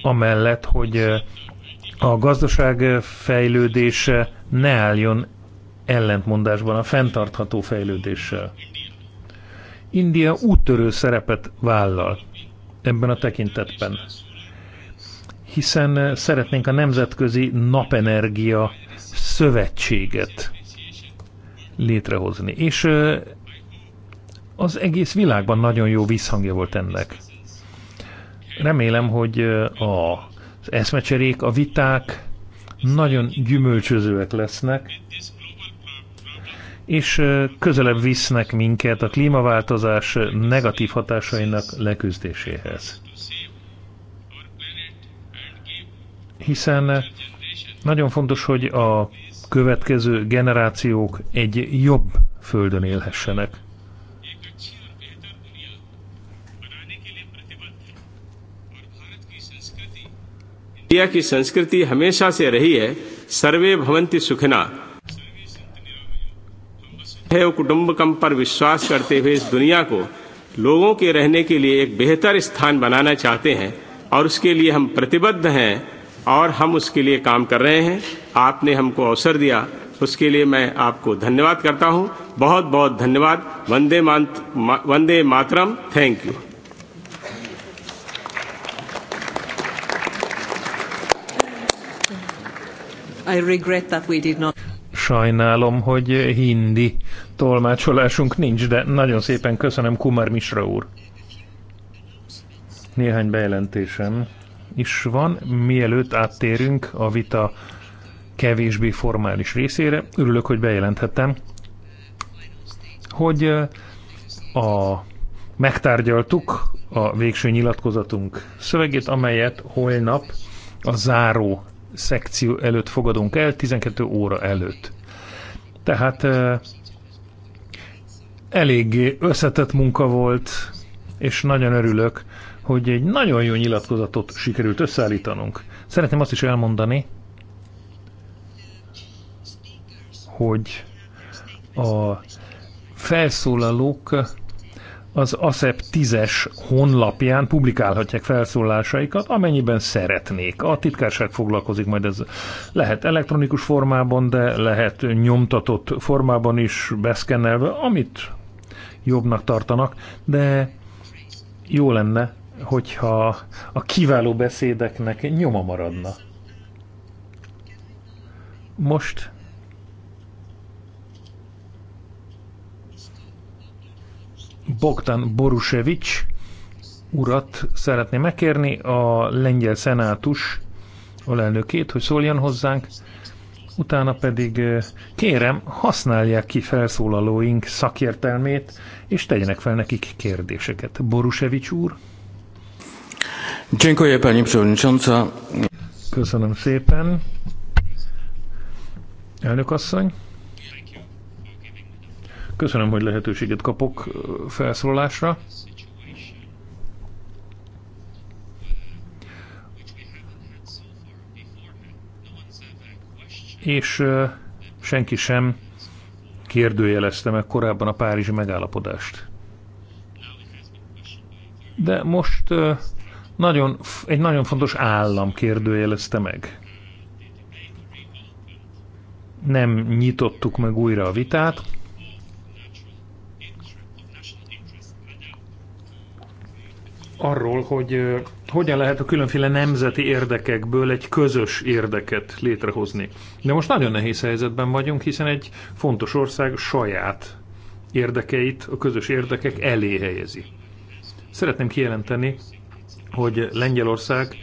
amellett, hogy a gazdaság fejlődése ne álljon ellentmondásban a fenntartható fejlődéssel. India úttörő szerepet vállal ebben a tekintetben. Hiszen eh, szeretnénk a Nemzetközi Napenergia Szövetséget létrehozni. És eh, az egész világban nagyon jó visszhangja volt ennek. Remélem, hogy eh, az eszmecserék, a viták nagyon gyümölcsözőek lesznek, és közelebb visznek minket a klímaváltozás negatív hatásainak leküzdéséhez. Hiszen nagyon fontos, hogy a következő generációk egy jobb földön élhessenek. India की संस्कृति हमेशा से रही है सर्वे भवंती सुखना है एवं कुटुम्बकम पर विश्वास करते हुए इस दुनिया को लोगों के रहने के लिए एक बेहतर स्थान बनाना चाहते हैं और उसके लिए हम प्रतिबद्ध हैं और हम उसके लिए काम कर रहे हैं आपने हमको अवसर दिया उसके लिए मैं आपको धन्यवाद करता हूं बहुत बहुत धन्यवाद वंदे मात Vande Mataram thank you I regret that we did not Sajnálom, hogy hindi tolmácsolásunk nincs, de nagyon szépen köszönöm Kumar Misra úr. Néhány bejelentésem is van, mielőtt áttérünk a vita kevésbé formális részére. Örülök, hogy bejelenthettem, hogy a, megtárgyaltuk a végső nyilatkozatunk szövegét, amelyet holnap a záró szekció előtt fogadunk el, 12 óra előtt. Tehát eléggé összetett munka volt, és nagyon örülök, hogy egy nagyon jó nyilatkozatot sikerült összeállítanunk. Szeretném azt is elmondani, hogy a felszólalók az ASEP 10-es honlapján publikálhatják felszólásaikat, amennyiben szeretnék. A titkárság foglalkozik majd ez lehet elektronikus formában, de lehet nyomtatott formában is beszkennelve, amit jobbnak tartanak, de jó lenne, hogyha a kiváló beszédeknek nyoma maradna. Most Bogdan Borusevics urat szeretné megkérni, a lengyel szenátus alelnökét, hogy szóljon hozzánk, utána pedig kérem, használják ki felszólalóink szakértelmét, és tegyenek fel nekik kérdéseket. Borusevics úr. Köszönöm szépen. Elnök asszony. Köszönöm, hogy lehetőséget kapok felszólalásra. És senki sem kérdőjelezte meg korábban a Párizsi megállapodást. De most nagyon, egy nagyon fontos állam kérdőjelezte meg. Nem nyitottuk meg újra a vitát, arról, hogy hogyan lehet a különféle nemzeti érdekekből egy közös érdeket létrehozni. De most nagyon nehéz helyzetben vagyunk, hiszen egy fontos ország saját érdekeit, a közös érdekek elé helyezi. Szeretném kijelenteni, hogy Lengyelország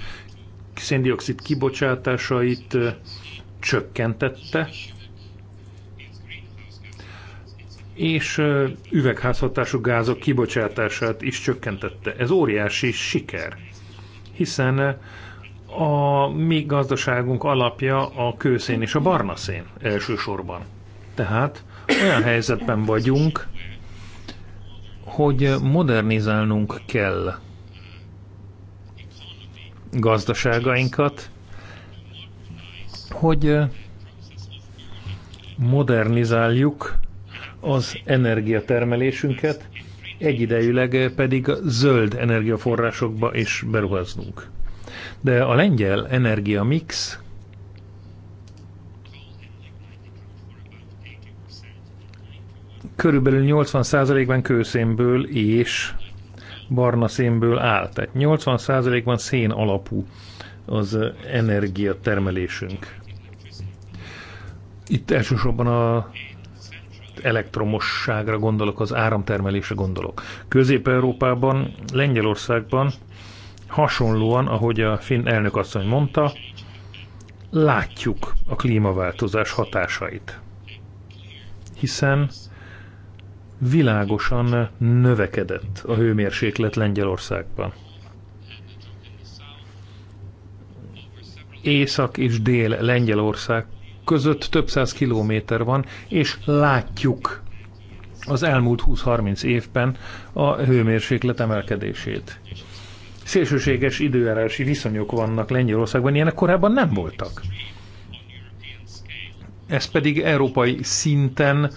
széndiokszid kibocsátásait csökkentette és üvegházhatású gázok kibocsátását is csökkentette. Ez óriási siker, hiszen a mi gazdaságunk alapja a kőszén és a barnaszén elsősorban. Tehát olyan helyzetben vagyunk, hogy modernizálnunk kell gazdaságainkat, hogy modernizáljuk az energiatermelésünket, egyidejűleg pedig zöld energiaforrásokba is beruháznunk. De a lengyel energiamix körülbelül 80%-ban kőszénből és barna szénből áll. Tehát 80%-ban szén alapú az energiatermelésünk. Itt elsősorban a elektromosságra gondolok, az áramtermelésre gondolok. Közép-Európában, Lengyelországban hasonlóan, ahogy a finn elnök asszony mondta, látjuk a klímaváltozás hatásait. Hiszen világosan növekedett a hőmérséklet Lengyelországban. Észak és dél Lengyelország között több száz kilométer van, és látjuk az elmúlt 20-30 évben a hőmérséklet emelkedését. Szélsőséges időjárási viszonyok vannak Lengyelországban, ilyenek korábban nem voltak. Ez pedig európai szinten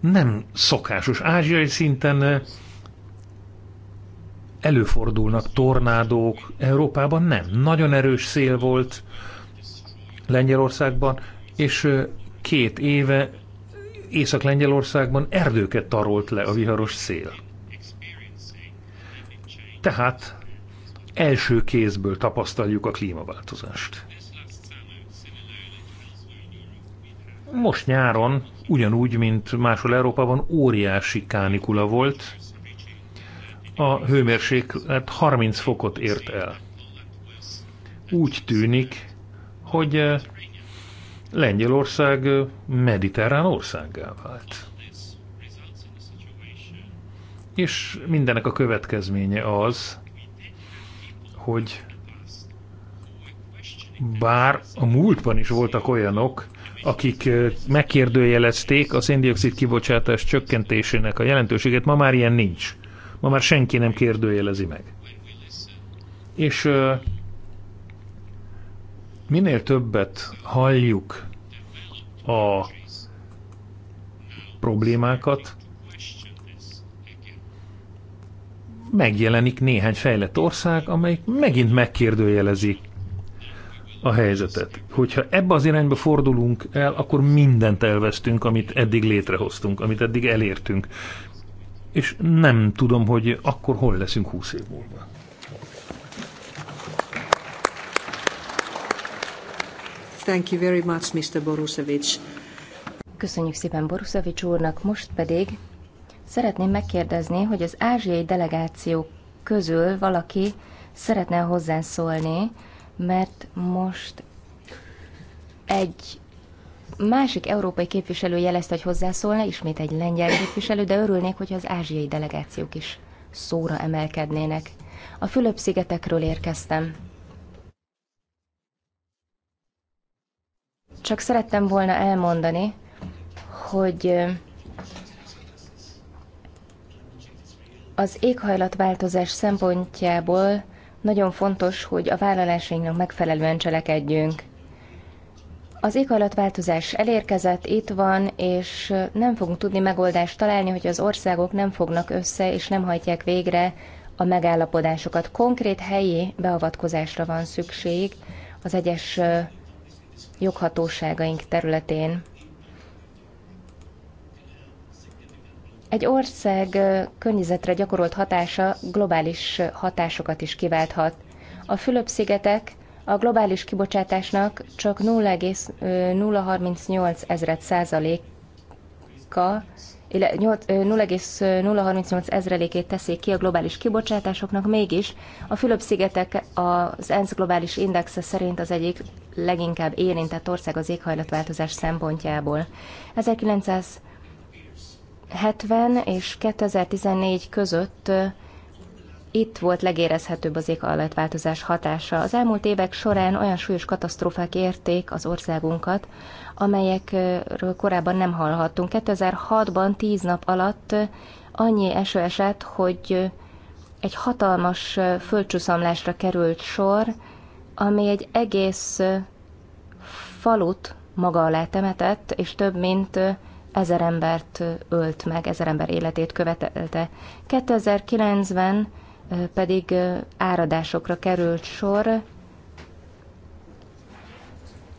nem szokásos. Ázsiai szinten eh, előfordulnak tornádók, Európában nem. Nagyon erős szél volt Lengyelországban, és két éve Észak-Lengyelországban erdőket tarolt le a viharos szél. Tehát első kézből tapasztaljuk a klímaváltozást. Most nyáron, ugyanúgy, mint máshol Európában, óriási kánikula volt, a hőmérséklet 30 fokot ért el. Úgy tűnik, hogy Lengyelország mediterrán országgá vált. És mindenek a következménye az, hogy bár a múltban is voltak olyanok, akik megkérdőjelezték a széndiokszid kibocsátás csökkentésének a jelentőségét, ma már ilyen nincs. Ma már senki nem kérdőjelezi meg. És minél többet halljuk a problémákat, megjelenik néhány fejlett ország, amelyik megint megkérdőjelezi a helyzetet. Hogyha ebbe az irányba fordulunk el, akkor mindent elvesztünk, amit eddig létrehoztunk, amit eddig elértünk. És nem tudom, hogy akkor hol leszünk húsz év múlva. Thank you very much, Mr. Borusevic. Köszönjük szépen Borusevics úrnak, most pedig szeretném megkérdezni, hogy az ázsiai delegáció közül valaki szeretne hozzánk szólni, mert most egy másik európai képviselő jelezte, hogy hozzászólna, ismét egy lengyel képviselő, de örülnék, hogy az ázsiai delegációk is szóra emelkednének. A Fülöp-szigetekről érkeztem. Csak szerettem volna elmondani, hogy az éghajlatváltozás szempontjából nagyon fontos, hogy a vállalásainknak megfelelően cselekedjünk. Az éghajlatváltozás elérkezett, itt van, és nem fogunk tudni megoldást találni, hogy az országok nem fognak össze és nem hajtják végre a megállapodásokat. Konkrét helyi beavatkozásra van szükség az egyes joghatóságaink területén. Egy ország környezetre gyakorolt hatása globális hatásokat is kiválthat. A Fülöp-szigetek a globális kibocsátásnak csak 0,038 ezret százaléka 0,038 ezrelékét teszik ki a globális kibocsátásoknak, mégis a Fülöp-szigetek az ENSZ globális indexe szerint az egyik leginkább érintett ország az éghajlatváltozás szempontjából. 1970 és 2014 között itt volt legérezhetőbb az éghajlatváltozás hatása. Az elmúlt évek során olyan súlyos katasztrófák érték az országunkat, amelyekről korábban nem hallhattunk. 2006-ban 10 nap alatt annyi eső esett, hogy egy hatalmas földcsúszamlásra került sor, ami egy egész falut maga alá temetett, és több mint ezer embert ölt meg, ezer ember életét követelte. 2009-ben pedig áradásokra került sor,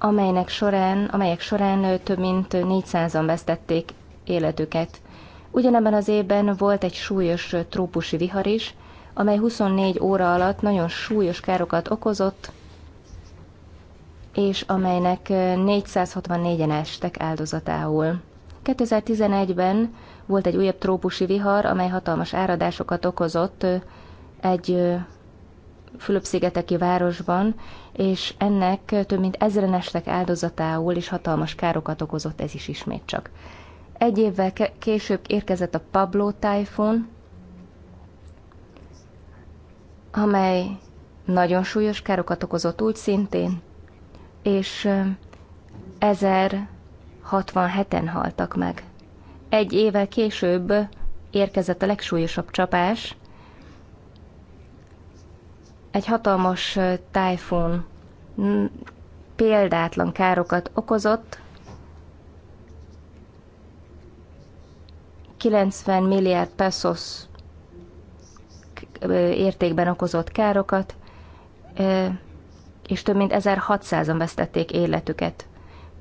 amelynek során, amelyek során több mint 400-an vesztették életüket. Ugyanebben az évben volt egy súlyos trópusi vihar is, amely 24 óra alatt nagyon súlyos károkat okozott, és amelynek 464-en estek áldozatául. 2011-ben volt egy újabb trópusi vihar, amely hatalmas áradásokat okozott egy Fülöp-szigeteki városban, és ennek több mint ezeren estek áldozatául, és hatalmas károkat okozott ez is ismét csak. Egy évvel később érkezett a Pablo tájfun, amely nagyon súlyos károkat okozott úgy szintén, és 1067-en haltak meg. Egy évvel később érkezett a legsúlyosabb csapás, egy hatalmas tájfun példátlan károkat okozott, 90 milliárd pesos értékben okozott károkat, és több mint 1600-an vesztették életüket.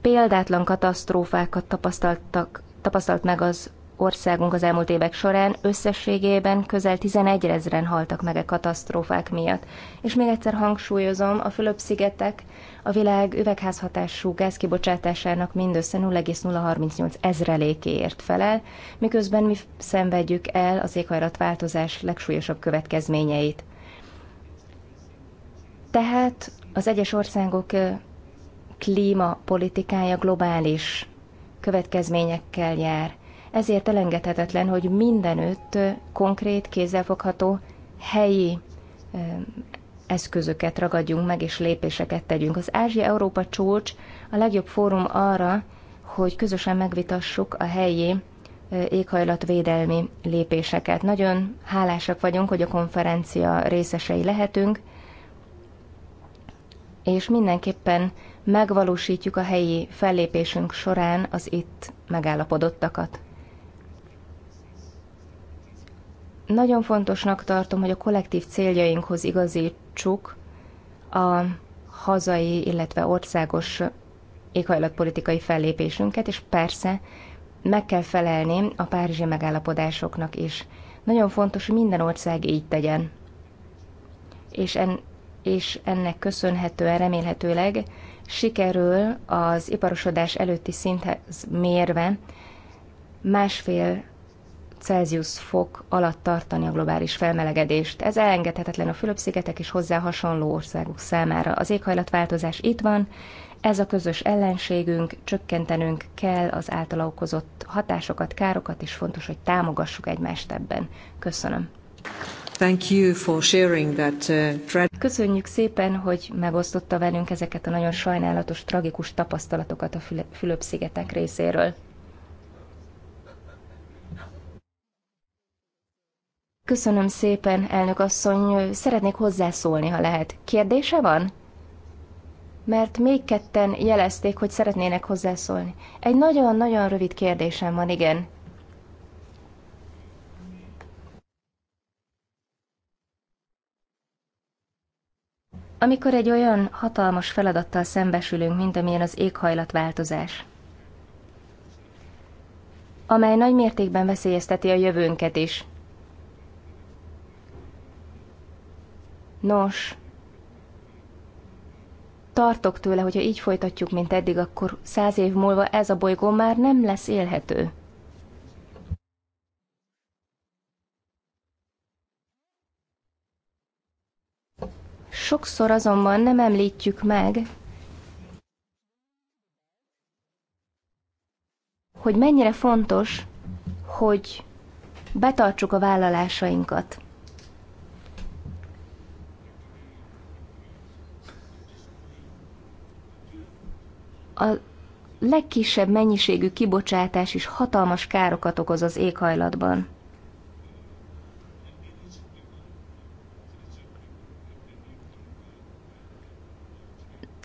Példátlan katasztrófákat tapasztaltak, tapasztalt meg az országunk az elmúlt évek során összességében közel 11 ezeren haltak meg a e katasztrófák miatt. És még egyszer hangsúlyozom, a Fülöp-szigetek a világ üvegházhatású gázkibocsátásának mindössze 0,038 ezrelékéért felel, miközben mi szenvedjük el az éghajlatváltozás legsúlyosabb következményeit. Tehát az egyes országok klímapolitikája globális következményekkel jár ezért elengedhetetlen, hogy mindenütt konkrét, kézzelfogható, helyi eszközöket ragadjunk meg, és lépéseket tegyünk. Az Ázsia-Európa csúcs a legjobb fórum arra, hogy közösen megvitassuk a helyi éghajlatvédelmi lépéseket. Nagyon hálásak vagyunk, hogy a konferencia részesei lehetünk, és mindenképpen megvalósítjuk a helyi fellépésünk során az itt megállapodottakat. Nagyon fontosnak tartom, hogy a kollektív céljainkhoz igazítsuk a hazai, illetve országos éghajlatpolitikai fellépésünket, és persze meg kell felelni a párizsi megállapodásoknak is. Nagyon fontos, hogy minden ország így tegyen. És, en, és ennek köszönhetően remélhetőleg sikerül az iparosodás előtti szinthez mérve másfél Celsius fok alatt tartani a globális felmelegedést. Ez elengedhetetlen a Fülöp-szigetek és hozzá hasonló országok számára. Az éghajlatváltozás itt van, ez a közös ellenségünk, csökkentenünk kell az általa okozott hatásokat, károkat, és fontos, hogy támogassuk egymást ebben. Köszönöm. Thank you for sharing that, uh, Köszönjük szépen, hogy megosztotta velünk ezeket a nagyon sajnálatos, tragikus tapasztalatokat a Fülöp-szigetek részéről. Köszönöm szépen, elnök asszony. Szeretnék hozzászólni, ha lehet. Kérdése van? Mert még ketten jelezték, hogy szeretnének hozzászólni. Egy nagyon-nagyon rövid kérdésem van, igen. Amikor egy olyan hatalmas feladattal szembesülünk, mint amilyen az éghajlatváltozás, amely nagy mértékben veszélyezteti a jövőnket is, Nos, tartok tőle, hogyha így folytatjuk, mint eddig, akkor száz év múlva ez a bolygó már nem lesz élhető. Sokszor azonban nem említjük meg, hogy mennyire fontos, hogy betartsuk a vállalásainkat. a legkisebb mennyiségű kibocsátás is hatalmas károkat okoz az éghajlatban.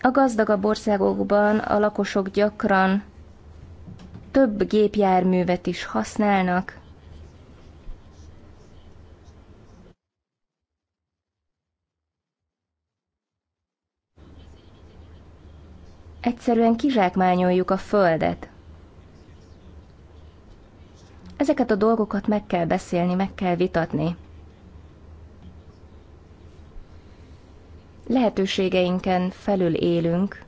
A gazdagabb országokban a lakosok gyakran több gépjárművet is használnak, Egyszerűen kizsákmányoljuk a földet. Ezeket a dolgokat meg kell beszélni, meg kell vitatni. Lehetőségeinken felül élünk,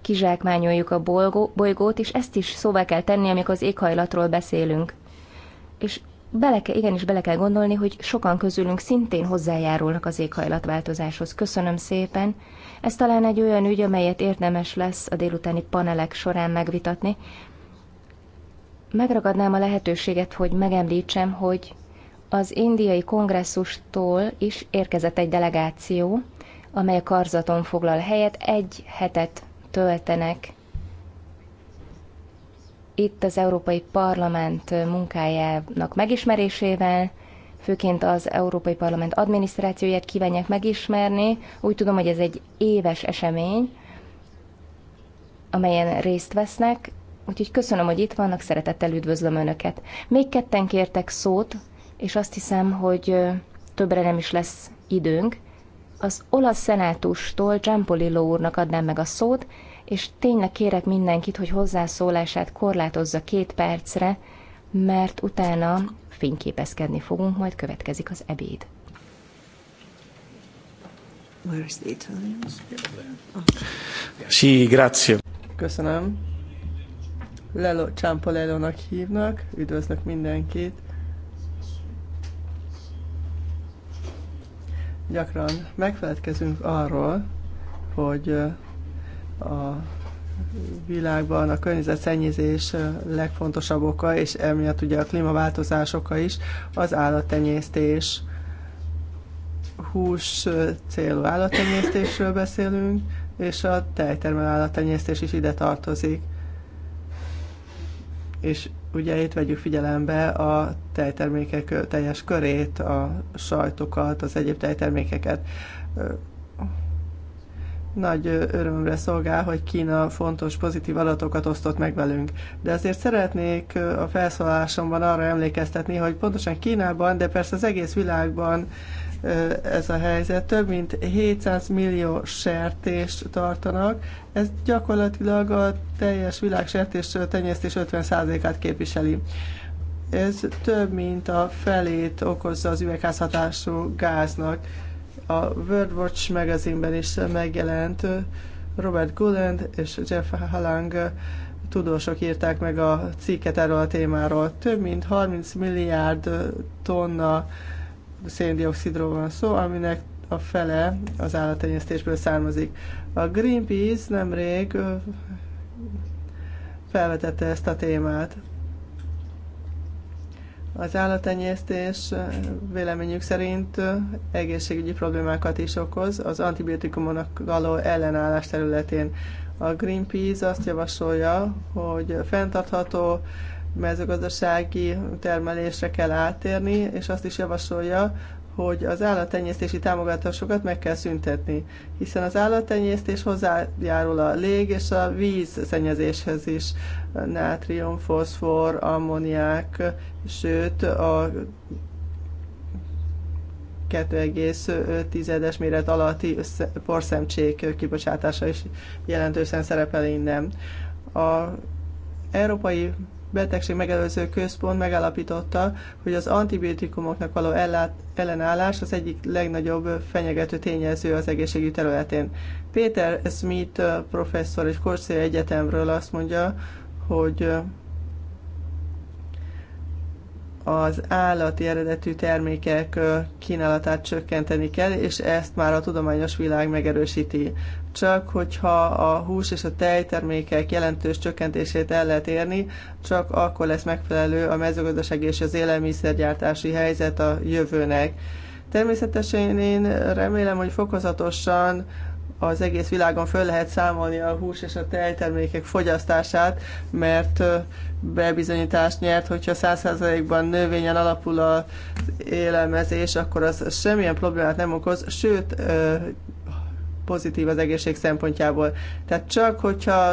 kizsákmányoljuk a bolgó, bolygót, és ezt is szóvá kell tenni, amikor az éghajlatról beszélünk. És bele kell, igenis bele kell gondolni, hogy sokan közülünk szintén hozzájárulnak az éghajlatváltozáshoz. Köszönöm szépen. Ez talán egy olyan ügy, amelyet érdemes lesz a délutáni panelek során megvitatni. Megragadnám a lehetőséget, hogy megemlítsem, hogy az indiai kongresszustól is érkezett egy delegáció, amely a karzaton foglal helyet. Egy hetet töltenek itt az Európai Parlament munkájának megismerésével, főként az Európai Parlament adminisztrációját kívánják megismerni. Úgy tudom, hogy ez egy éves esemény, amelyen részt vesznek, úgyhogy köszönöm, hogy itt vannak, szeretettel üdvözlöm Önöket. Még ketten kértek szót, és azt hiszem, hogy többre nem is lesz időnk. Az olasz szenátustól Giampolillo úrnak adnám meg a szót, és tényleg kérek mindenkit, hogy hozzászólását korlátozza két percre, mert utána fényképezkedni fogunk, majd következik az ebéd. Sí, grazie. Köszönöm. Lelo Csámpolelónak hívnak, üdvözlök mindenkit. Gyakran megfeledkezünk arról, hogy a világban a környezetszennyezés legfontosabb oka, és emiatt ugye a klímaváltozás oka is, az állattenyésztés. Hús célú állattenyésztésről beszélünk, és a tejtermelő állattenyésztés is ide tartozik. És ugye itt vegyük figyelembe a tejtermékek teljes körét, a sajtokat, az egyéb tejtermékeket nagy örömömre szolgál, hogy Kína fontos pozitív adatokat osztott meg velünk. De azért szeretnék a felszólásomban arra emlékeztetni, hogy pontosan Kínában, de persze az egész világban ez a helyzet. Több mint 700 millió sertést tartanak. Ez gyakorlatilag a teljes világ sertés tenyésztés 50%-át képviseli. Ez több, mint a felét okozza az üvegházhatású gáznak a World Watch magazinben is megjelent Robert Guland és Jeff Halang tudósok írták meg a cikket erről a témáról. Több mint 30 milliárd tonna széndiokszidról van szó, aminek a fele az állattenyésztésből származik. A Greenpeace nemrég felvetette ezt a témát. Az állatenyésztés véleményük szerint egészségügyi problémákat is okoz az antibiotikumoknak való ellenállás területén. A Greenpeace azt javasolja, hogy fenntartható mezőgazdasági termelésre kell áttérni, és azt is javasolja, hogy az állattenyésztési támogatásokat meg kell szüntetni, hiszen az állattenyésztés hozzájárul a lég és a víz szennyezéshez is, nátrium, foszfor, ammoniák, sőt a 2,5-es méret alatti porszemcsék kibocsátása is jelentősen szerepel innen. A európai betegség megelőző központ megállapította, hogy az antibiotikumoknak való ellát, ellenállás az egyik legnagyobb fenyegető tényező az egészségügy területén. Péter Smith professzor és Korszé Egyetemről azt mondja, hogy az állati eredetű termékek kínálatát csökkenteni kell, és ezt már a tudományos világ megerősíti. Csak hogyha a hús és a tejtermékek jelentős csökkentését el lehet érni, csak akkor lesz megfelelő a mezőgazdaság és az élelmiszergyártási helyzet a jövőnek. Természetesen én remélem, hogy fokozatosan az egész világon föl lehet számolni a hús és a tejtermékek fogyasztását, mert bebizonyítást nyert, hogyha 100%-ban növényen alapul az élelmezés, akkor az semmilyen problémát nem okoz, sőt pozitív az egészség szempontjából. Tehát csak hogyha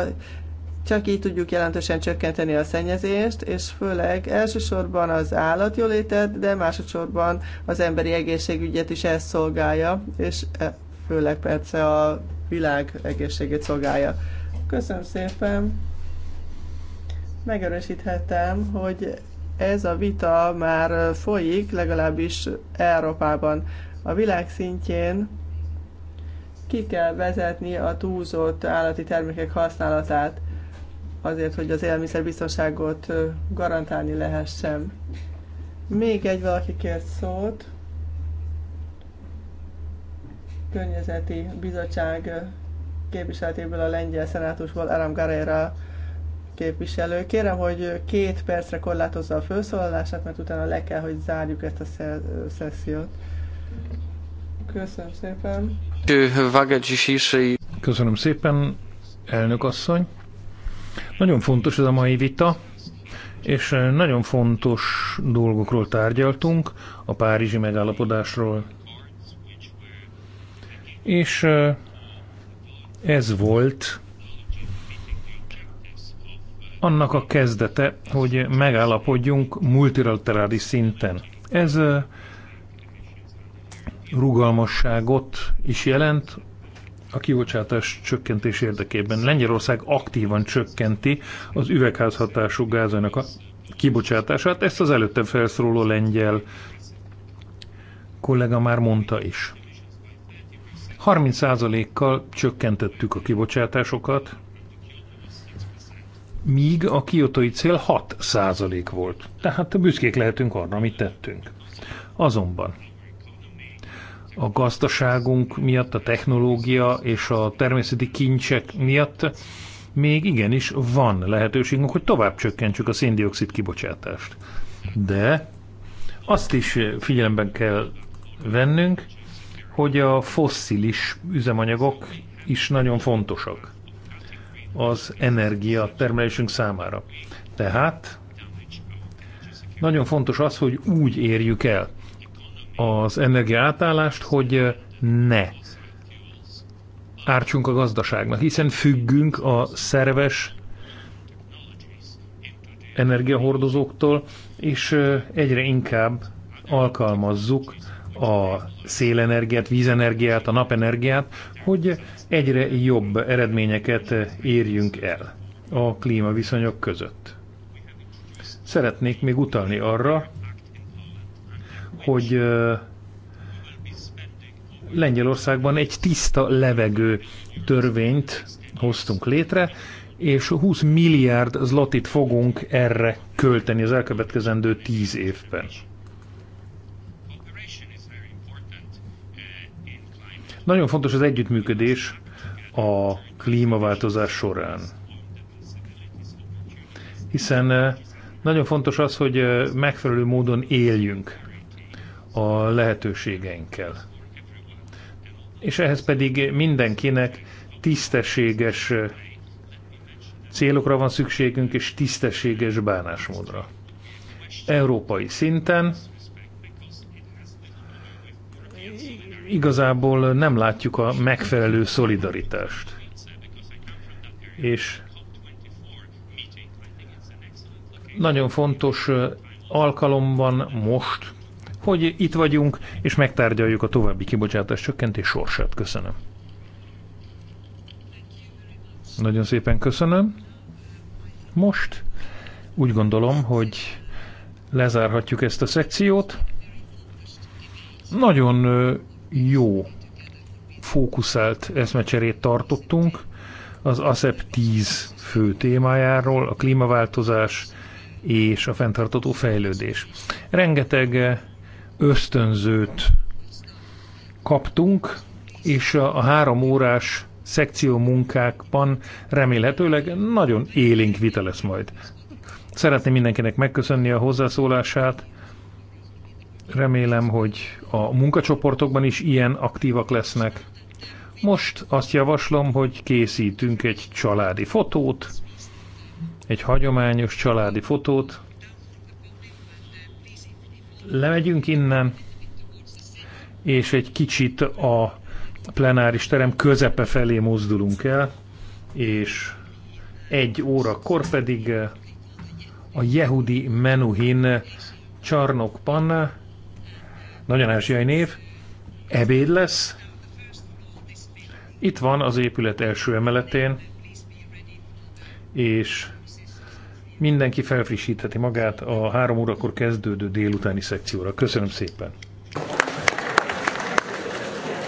csak így tudjuk jelentősen csökkenteni a szennyezést, és főleg elsősorban az állatjólétet, de másodszorban az emberi egészségügyet is ezt szolgálja, és főleg persze a világ egészségét szolgálja. Köszönöm szépen! Megerősíthetem, hogy ez a vita már folyik, legalábbis Európában. A világ szintjén ki kell vezetni a túlzott állati termékek használatát azért, hogy az élelmiszerbiztonságot garantálni lehessen. Még egy valaki kért szót környezeti bizottság képviseletéből a lengyel szenátusból Aram Garera képviselő. Kérem, hogy két percre korlátozza a felszólalását, mert utána le kell, hogy zárjuk ezt a szessziót. Köszönöm szépen. Köszönöm szépen, elnök asszony. Nagyon fontos ez a mai vita, és nagyon fontos dolgokról tárgyaltunk, a Párizsi megállapodásról, és ez volt annak a kezdete, hogy megállapodjunk multilaterális szinten. Ez rugalmasságot is jelent a kibocsátás csökkentés érdekében. Lengyelország aktívan csökkenti az üvegházhatású gázainak a kibocsátását. Ezt az előtte felszóló lengyel kollega már mondta is. 30%-kal csökkentettük a kibocsátásokat, míg a kiotói cél 6% volt. Tehát büszkék lehetünk arra, amit tettünk. Azonban a gazdaságunk miatt, a technológia és a természeti kincsek miatt még igenis van lehetőségünk, hogy tovább csökkentsük a széndiokszid kibocsátást. De azt is figyelemben kell vennünk, hogy a fosszilis üzemanyagok is nagyon fontosak az energia termelésünk számára. Tehát nagyon fontos az, hogy úgy érjük el az energia átállást, hogy ne ártsunk a gazdaságnak, hiszen függünk a szerves energiahordozóktól, és egyre inkább alkalmazzuk a szélenergiát, vízenergiát, a napenergiát, hogy egyre jobb eredményeket érjünk el a klímaviszonyok között. Szeretnék még utalni arra, hogy Lengyelországban egy tiszta levegő törvényt hoztunk létre, és 20 milliárd zlotit fogunk erre költeni az elkövetkezendő 10 évben. Nagyon fontos az együttműködés a klímaváltozás során. Hiszen eh, nagyon fontos az, hogy eh, megfelelő módon éljünk a lehetőségeinkkel. És ehhez pedig mindenkinek tisztességes eh, célokra van szükségünk, és tisztességes bánásmódra. Európai szinten igazából nem látjuk a megfelelő szolidaritást. És nagyon fontos alkalom van most, hogy itt vagyunk, és megtárgyaljuk a további kibocsátás csökkentés sorsát. Köszönöm. Nagyon szépen köszönöm. Most úgy gondolom, hogy lezárhatjuk ezt a szekciót. Nagyon jó fókuszált eszmecserét tartottunk az ASEP 10 fő témájáról, a klímaváltozás és a fenntartató fejlődés. Rengeteg eh, ösztönzőt kaptunk, és a három órás szekció munkákban remélhetőleg nagyon élénk vita lesz majd. Szeretném mindenkinek megköszönni a hozzászólását, Remélem, hogy a munkacsoportokban is ilyen aktívak lesznek. Most azt javaslom, hogy készítünk egy családi fotót, egy hagyományos családi fotót. Lemegyünk innen, és egy kicsit a plenáris terem közepe felé mozdulunk el, és egy órakor pedig a Jehudi Menuhin csarnokban nagyon ázsiai név. Ebéd lesz. Itt van az épület első emeletén, és mindenki felfrissítheti magát a három órakor kezdődő délutáni szekcióra. Köszönöm szépen!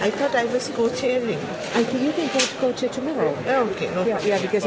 I thought I was co-chairing. I think you can go to co-chair tomorrow. Oh, okay, no. Yeah, yeah, because